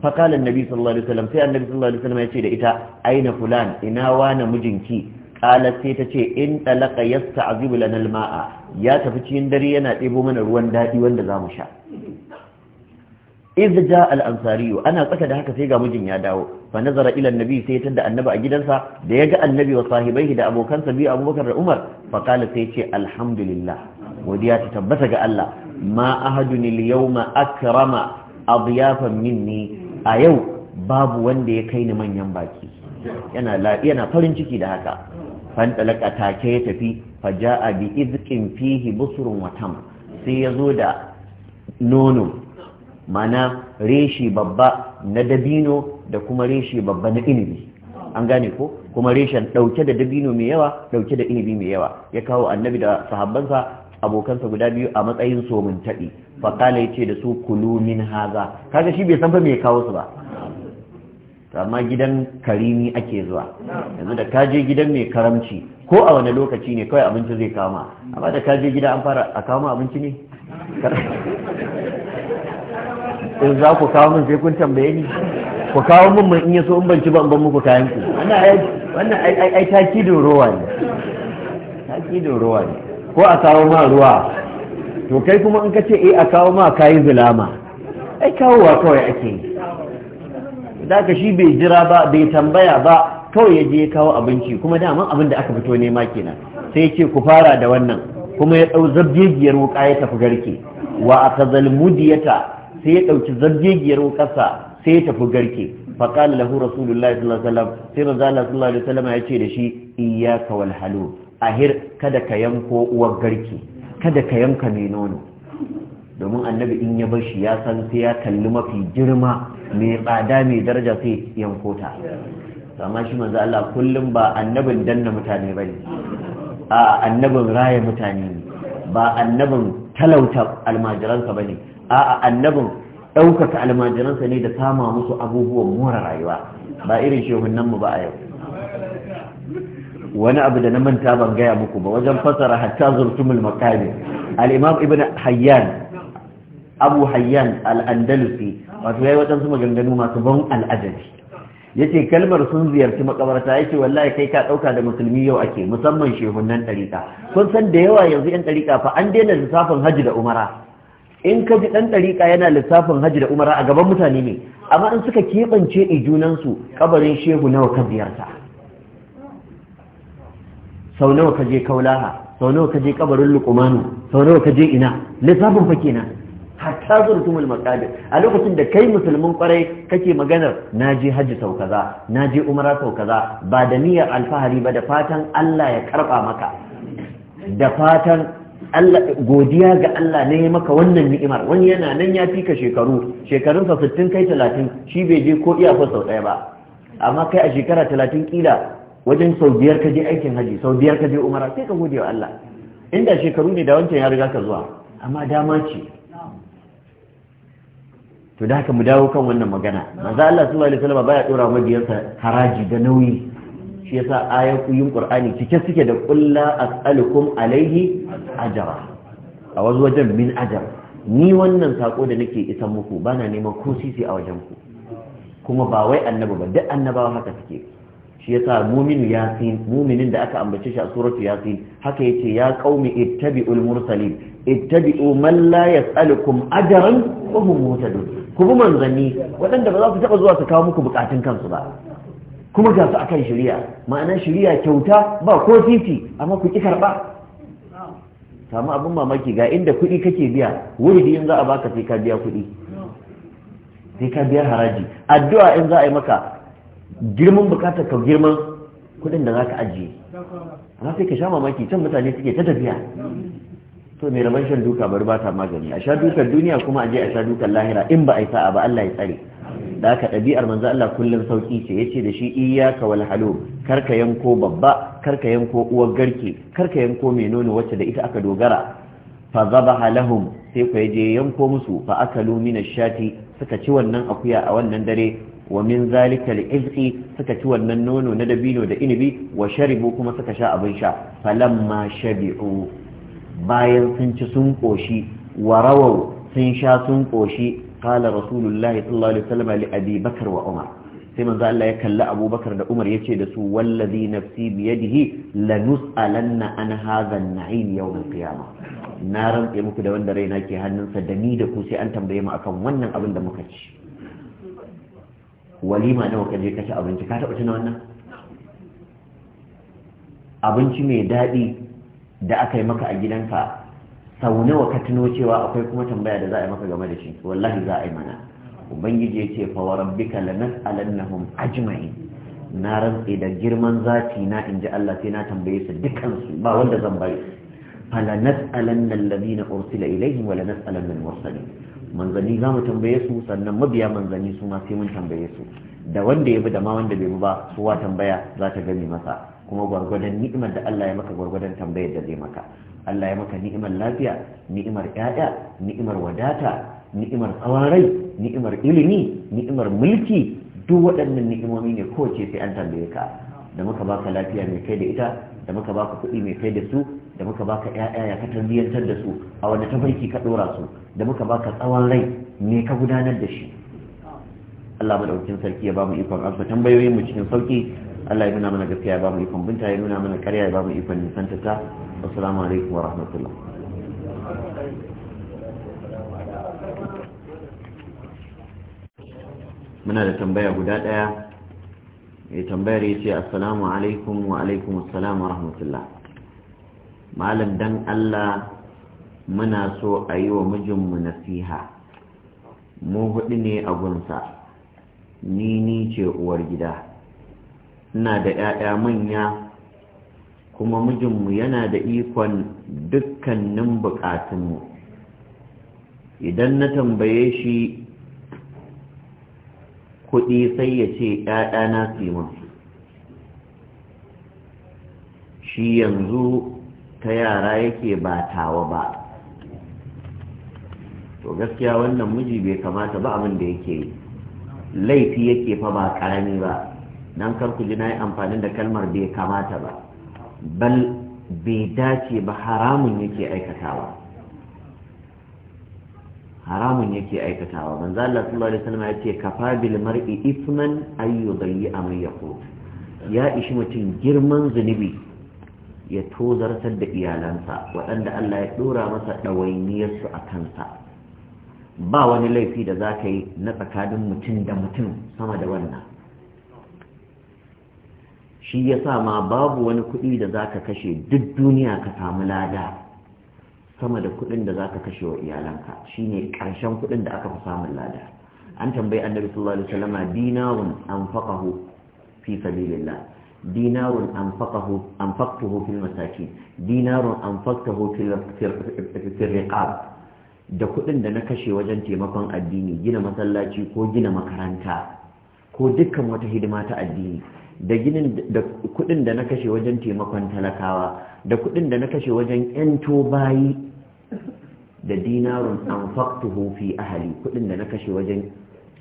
fa kala annabi sallallahu alaihi wasallam sai annabi sallallahu alaihi wasallam ya ce da ita aina fulan ina wani mijinki kala sai ta ce in talaka yasta'zibu lana alma'a ya tafi cikin dare yana ɗebo mana ruwan daɗi wanda zamu sha idh jaa al-ansari ana tsaka da haka sai ga mijin ya dawo fa nazara ila annabi sai ya tada annabi a gidansa da ya ga annabi wa sahibaihi da abokansa biyu abubakar da umar fa qala sai ce alhamdulillah godiya ta tabbata ga Allah ma ahadun al-yawma akrama adyafan minni a yau babu wanda ya kai ni manyan baki yana yana farin ciki da haka fan talaka take ya tafi fa jaa bi idqin fihi busrun wa tam sai ya zo da nono mana reshe babba na dabino da kuma reshe babba na inibi an gane ko kuma reshen dauke da dabino mai yawa dauke da inibi mai yawa ya kawo annabi da sahabbansa abokansa guda biyu a matsayin somin taɗi faƙala ya ce da su kulu min haza kaga shi bai san fa mai kawo su ba amma gidan karimi ake zuwa yanzu da kaje gidan mai karamci ko a wani lokaci ne kawai abinci zai kama amma da kaje gida an fara a kama abinci ne in eh, za ku kawo min sai kun tambaye ni ku kawo min mun in yaso in ban ci ban ban muku kayan ku wannan ai ai takidin ruwa ne takidin ruwa ne ko a kawo ma ruwa to kai kuma in ka ce eh a kawo ma kayi zulama ai kawowa kawai ake yi da ka shi bai jira ba bai tambaya ba kawai ya je ya kawo abinci kuma daman abin da aka fito nema kenan sai ya ce ku fara da wannan kuma ya ɗau zabjejiyar wuka ya tafi garke wa a zalmudiyata sai ya ɗauki zargegiyar ƙasa sai ya tafi garke faƙali lahu rasulullahi sallallahu alaihi wasallam sai razala sallallahu alaihi ya ce da shi iya wal halu ahir kada ka yanko uwar garke kada ka yanka mai nono domin annabi in ya bashi ya san sai ya kalli mafi girma mai tsada mai daraja sai yanko ta amma shi manzo Allah kullum ba annabin danna mutane bane a annabin raya mutane ne ba annabin talauta almajiransa bane a'a annabin ɗaukaka almajiransa ne da kama musu abubuwan more rayuwa ba irin shehunan mu ba a yau wani abu da na manta ban gaya muku ba wajen fasara hatta zurtumul makami al-imam ibn hayyan abu hayyan al-andalusi wato yayi wadansu maganganu masu ban al'ajabi yace kalmar sun ziyarci makabarta yace wallahi kai ka dauka da musulmi yau ake musamman shehunan dariƙa kun san da yawa yanzu yan dariƙa fa an daina lissafin haji da umara in ka ji ɗan ɗariƙa yana lissafin hajji da umara a gaban mutane ne amma in suka keɓance ijunansu ƙabarin shehu nawa ka ziyarta sau nawa ka je kaulaha sau nawa ka je ƙabarin lukumanu sau nawa ka je ina lissafin fa kenan hatta zurtumul maqabir a lokacin da kai musulmin kwarai kake maganar na je hajji sau kaza naje umara sau kaza ba da niyyar alfahari ba da fatan Allah ya karɓa maka da fatan Allah godiya ga Allah ne maka wannan ni'imar wani yana nan ya fika shekaru shekarunsa 60 kai 30 shi bai je ko iya ko sau ɗaya ba amma kai a shekara 30 kila wajen sau biyar ka je aikin haji sau biyar ka je umara sai ka gode wa Allah inda shekaru ne da wancan ya riga ka zuwa amma dama ce to da haka mu dawo kan wannan magana manzo Allah sallallahu alaihi wasallam baya dora mabiyansa haraji da nauyi shi yasa yin qur'ani cike suke da ƙulla as'alukum alaihi ajra a wasu wajen min ajar ni wannan sako da nake isa muku bana neman ko sisi a wajen ku kuma ba wai annabi ba duk annabawa haka suke shi yasa muminu yasin muminin da aka ambace shi a suratu yasin haka yace ya qaumi ittabi'ul mursalin ittabi'u man la yas'alukum ajran wa hum muhtadun ku bi manzanni waɗanda ba za su taɓa zuwa su kawo muku bukatun kansu ba kuma ga su akan shirya ma'ana shirya kyauta ba ko titi amma ku ki karba samu abin mamaki ga inda kuɗi kake biya wuri in za a baka sai ka biya kuɗi sai ka biya haraji addu'a in za a yi maka girman bukatar ka girman kuɗin da za ka ajiye amma sai ka sha mamaki can mutane suke ta tafiya to mai rabon shan duka bari ba ta magani a sha dukan duniya kuma a je a sha dukan lahira in ba a yi sa'a ba Allah ya tsare da aka ɗabi'ar manzo Allah kullum sauki ce yace da shi iyyaka wal halum karka yanko babba karka yanko uwar garke karka yanko mai nono wacce da ita aka dogara fa zabaha lahum sai ku je yanko musu fa akalu min ash-shati suka ci wannan akuya a wannan dare wa min zalika al-izqi suka ci wannan nono na dabino da inibi wa sharibu kuma suka sha abin sha falamma shabi'u bayan sun ci sun koshi wa rawau sun sha sun koshi qala rasulullahi sallallahu alaihi wasallam li abi bakr sai manzo Allah ya kalli abubakar da umar yace da su wallazi nafsi bi yadihi lanus'alanna an hadha an-na'im yawm al-qiyamah na rantse muku da wanda raina ke hannunsa da ni da ku sai an tambaye akan wannan abin da muka ci walima kaje abinci ka taɓa tuna wannan abinci mai daɗi da aka yi maka a gidanka sau nawa ka tuno cewa akwai kuma tambaya da za a yi maka game da shi wallahi za a yi mana ubangiji ya ce fa rabbika lanas'alannahum ajma'in na rantse da girman zati na inji Allah sai na tambaye su dukkan su ba wanda zan bari fa nas'alanna alladhina ursila ilayhim wa lanas'alanna al-mursalin Manzani za mu tambaye su sannan mabiya manzani su ma sai mun tambaye su da wanda ya bi da ma wanda bai bi ba kowa tambaya za ta gani masa kuma gwargwadon ni'imar da Allah ya maka gwargwadon tambayar da zai maka Allah ya maka ni'imar lafiya ni'imar ƴaƴa ni'imar wadata ni'imar tsawon rai ni'imar ilimi ni'imar mulki duk waɗannan ni'imomi ne kowace sai an tambaye ka da muka baka lafiya mai kai da ita da muka baka kuɗi mai kai da su da muka baka ƴaƴa ya ka tarbiyyantar da su a wanda tafarki ka ɗora su da muka baka tsawon rai me ka gudanar da shi Allah madaukakin sarki ya ba mu ikon amsa tambayoyin mu cikin sauki Allah ya nuna mana gaskiya ya ba mu ikon binta ya nuna mana karya ya ba mu ikon nisanta ta assalamu alaikum wa rahmatullah muna da tambaya guda ɗaya ya tambayar ya ce assalamu alaikum wa alaikum assalam wa rahmatullah malam dan Allah muna so a yi wa mijinmu nasiha mu hudu ne a gunsa ni ni ce uwar gida ina da 'ya'ya manya kuma mijinmu yana da ikon dukkanin buƙatunmu. idan na tambaye shi kuɗi sai ya ce 'ya'yana su yi shi yanzu ta yara yake ba tawa ba to gaskiya wannan miji bai kamata ba abin da yake laifi yake fa ba ƙarami ba dan kar ku ji na yi amfani da kalmar bai kamata ba bal bai dace ba haramun yake aikatawa haramun yake aikatawa manzo Allah sallallahu alaihi wasallam yace kafa bil mar'i ithman ay yudayyi man yaqut ya ishi mutum girman zunubi ya tozartar da iyalansa waɗanda Allah ya dora masa ɗawainiyar su a kansa ba wani laifi da za ka yi na tsakanin mutum da mutum sama da wannan shi ya sa ma babu wani kuɗi da za ka kashe duk duniya ka samu lada sama da kuɗin da za ka kashe wa iyalanka shi ne ƙarshen kuɗin da aka fi samun lada an tambayi annabi sallallahu alaihi wasallam dinarun anfaqahu fi sabilillah dinarun anfaqahu anfaqtuhu fil masakin dinarun anfaqtuhu fil riqab da kuɗin da na kashe wajen taimakon addini gina masallaci ko gina makaranta ko dukkan wata hidima ta addini da ginin da kudin da na kashe wajen taimakon talakawa da kudin da na kashe wajen yanto bayi da dinarun an faktuhu fi ahali kudin da na kashe wajen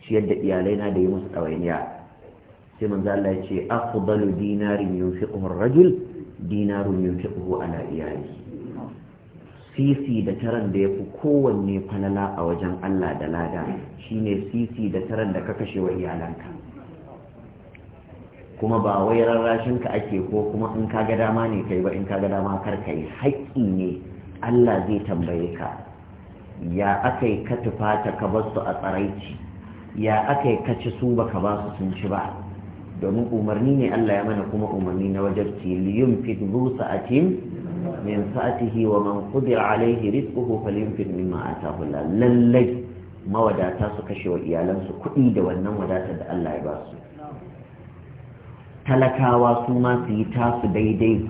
ciyar da iyalai na da yi musu ɗawainiya sai manzo Allah ya ce afdalu dinarin yunfiquhu ar-rajul dinarun yunfiquhu ala iyali sisi da taran da yafi kowanne falala a wajen Allah da lada shine sisi da taran da ka kashe wa iyalanka kuma ba wai rarrashin ka ake ko kuma in ka ga dama ne kai ba in ka ga dama kar ka yi haƙƙi ne Allah zai tambaye ka ya akai ka ta ka bar su a tsaraici ya akai ka ci su ba ka ba su sun ci ba domin umarni ne Allah ya mana kuma umarni na wajen liyun fit zu sa'atin min sa'atihi wa man qudira alaihi rizquhu falyunfit mimma atahu lallai mawadata su kashe wa iyalansu kuɗi da wannan wadatar da Allah ya ba su talakawa su ma su yi tasu daidai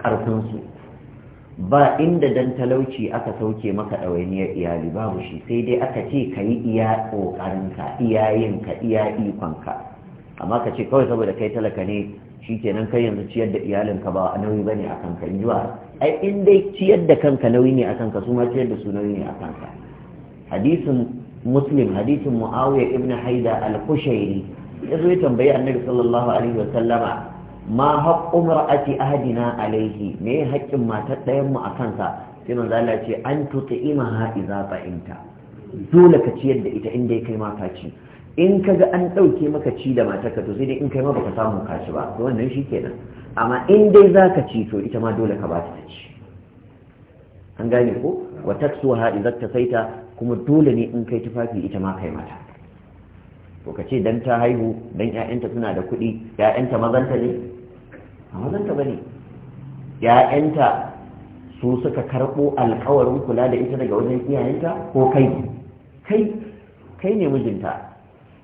ƙarfinsu ba inda dan talauci aka sauke maka ɗawainiyar iyali babu shi sai dai aka ce ka yi iya ƙoƙarinka iya yinka iya ikonka amma ka ce kawai saboda kai talaka ne shi kenan kai yanzu ciyar da iyalinka ba nauyi ba ne a kanka in jiwa ai in dai ciyar da kanka nauyi ne a kanka su ma ciyar da su nauyi ne a kanka hadisin muslim hadisin muawiya ibn haida al-kushairi ya zo ya tambayi annabi sallallahu alaihi wa sallama ma haqqu mar'ati ahadina alaihi me haƙƙin matar ɗayan mu akan kansa sai manzo Allah ce an tut'ima ha idza ta'inta dole ka ciyar da ita inda kai ma ka ci in kaga an ɗauke maka ci da ka to sai dai in kai ma baka samu ka ci ba to wannan shi kenan amma in dai za ka ci to ita ma dole ka ba ta ci an gane ko wa taksuha idza saita kuma dole ne in kai tufafi ita ma kai mata to ka ce dan ta haihu dan ƴaƴanta suna da kuɗi ƴaƴanta mazanta ne a mazanta bane ƴaƴanta su suka karɓo alƙawarin kula da ita daga wajen iyayenta ko kai kai kai ne mijinta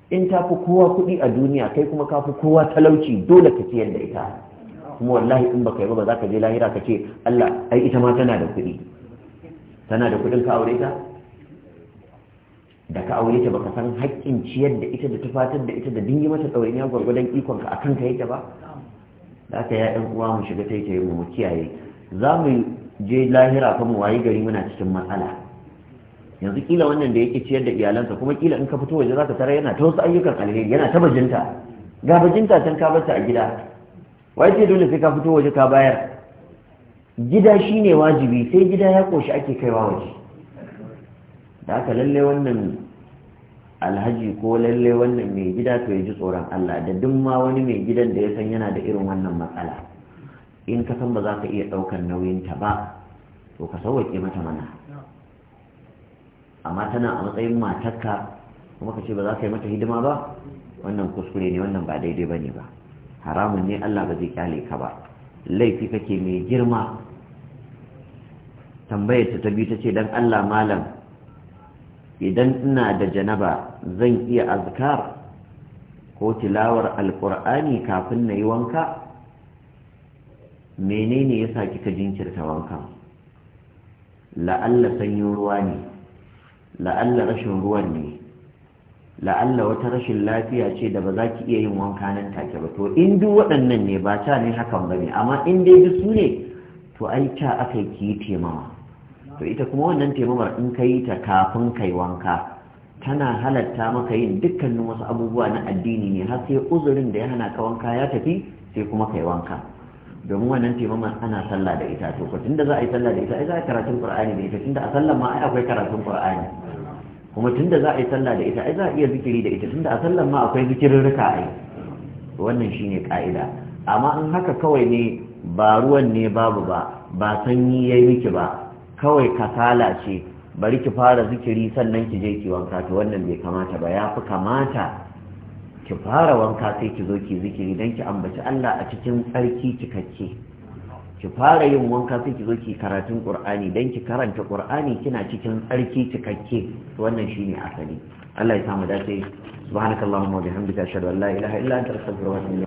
in ta fi kowa kuɗi a duniya kai kuma ka fi kowa talauci dole ka ciyar da ita kuma wallahi in baka yi ba za ka je lahira ka ce Allah ai ita ma tana da kuɗi tana da kuɗin ka aure ta da ka aure ta baka san haƙƙin ciyar da ita da tufatar da ita da dingi mata ɗawainiya gwargwadon ikon ka akan ka yake ba da aka yi uwa mu shiga ta yi mu kiyaye za mu je lahira fa mu gari muna cikin matsala yanzu kila wannan da yake ciyar da iyalansa kuma kila in ka fito waje za ka tara yana ta wasu ayyukan alheri yana ta bajinta ga bajinta can ka bar a gida wai ce dole sai ka fito waje ka bayar gida shine wajibi sai gida ya koshi ake kaiwa waje da aka lalle wannan alhaji ko lalle wannan mai gida to ya ji tsoron Allah da duk ma wani mai gidan da ya san yana da irin wannan matsala in ka san ba za ka iya ɗaukar nauyinta ba to ka sauwaƙe mata mana amma tana a matsayin matarka kuma ka ce ba za ka yi mata hidima ba wannan kuskure ne wannan ba daidai ba ne ba haramun ne Allah ba zai kyale ka ba laifi kake mai girma tambayar ta biyu ta ce dan Allah malam idan ina da janaba zan iya azkar ko tilawar alkur'ani kafin na yi wanka menene ya sa kika jinkirta wanka la'alla sanyin ruwa ne la'alla rashin ruwan ne la'alla wata rashin lafiya ce da ba za ki iya yin wanka nan take ba to in duk waɗannan ne ba ta ne hakan ba ne amma in dai duk su ne to ai ta aka yi ki yi taimawa to ita kuma wannan taimamar in ka yi ta kafin kai wanka tana halatta maka yin dukkanin wasu abubuwa na addini ne har sai uzurin da ya hana ka wanka ya tafi sai kuma kai wanka domin wannan taimamar ana sallah da ita to ko tunda za a yi sallah da ita ai za a karatun qur'ani da ita tunda a sallah ma ai akwai karatun qur'ani kuma tunda za a yi sallah da ita ai za a iya zikiri da ita tunda a sallah ma akwai zikirin rika ai wannan shine ka'ida amma in haka kawai ne ba ruwan ne babu ba ba sanyi yayi miki ba kawai kasala ce bari ki fara zikiri sannan ki je ki wanka to wannan bai kamata ba ya fi kamata ki fara wanka sai ki zo ki zikiri don ki ambaci Allah a cikin tsarki cikakke ki fara yin wanka sai ki zo ki karatun Qur'ani don ki karanta Qur'ani kina cikin tsarki cikakke wannan shine asali Allah ya samu dace subhanakallahumma wa bihamdika ashhadu an la ilaha illa anta astaghfiruka wa atubu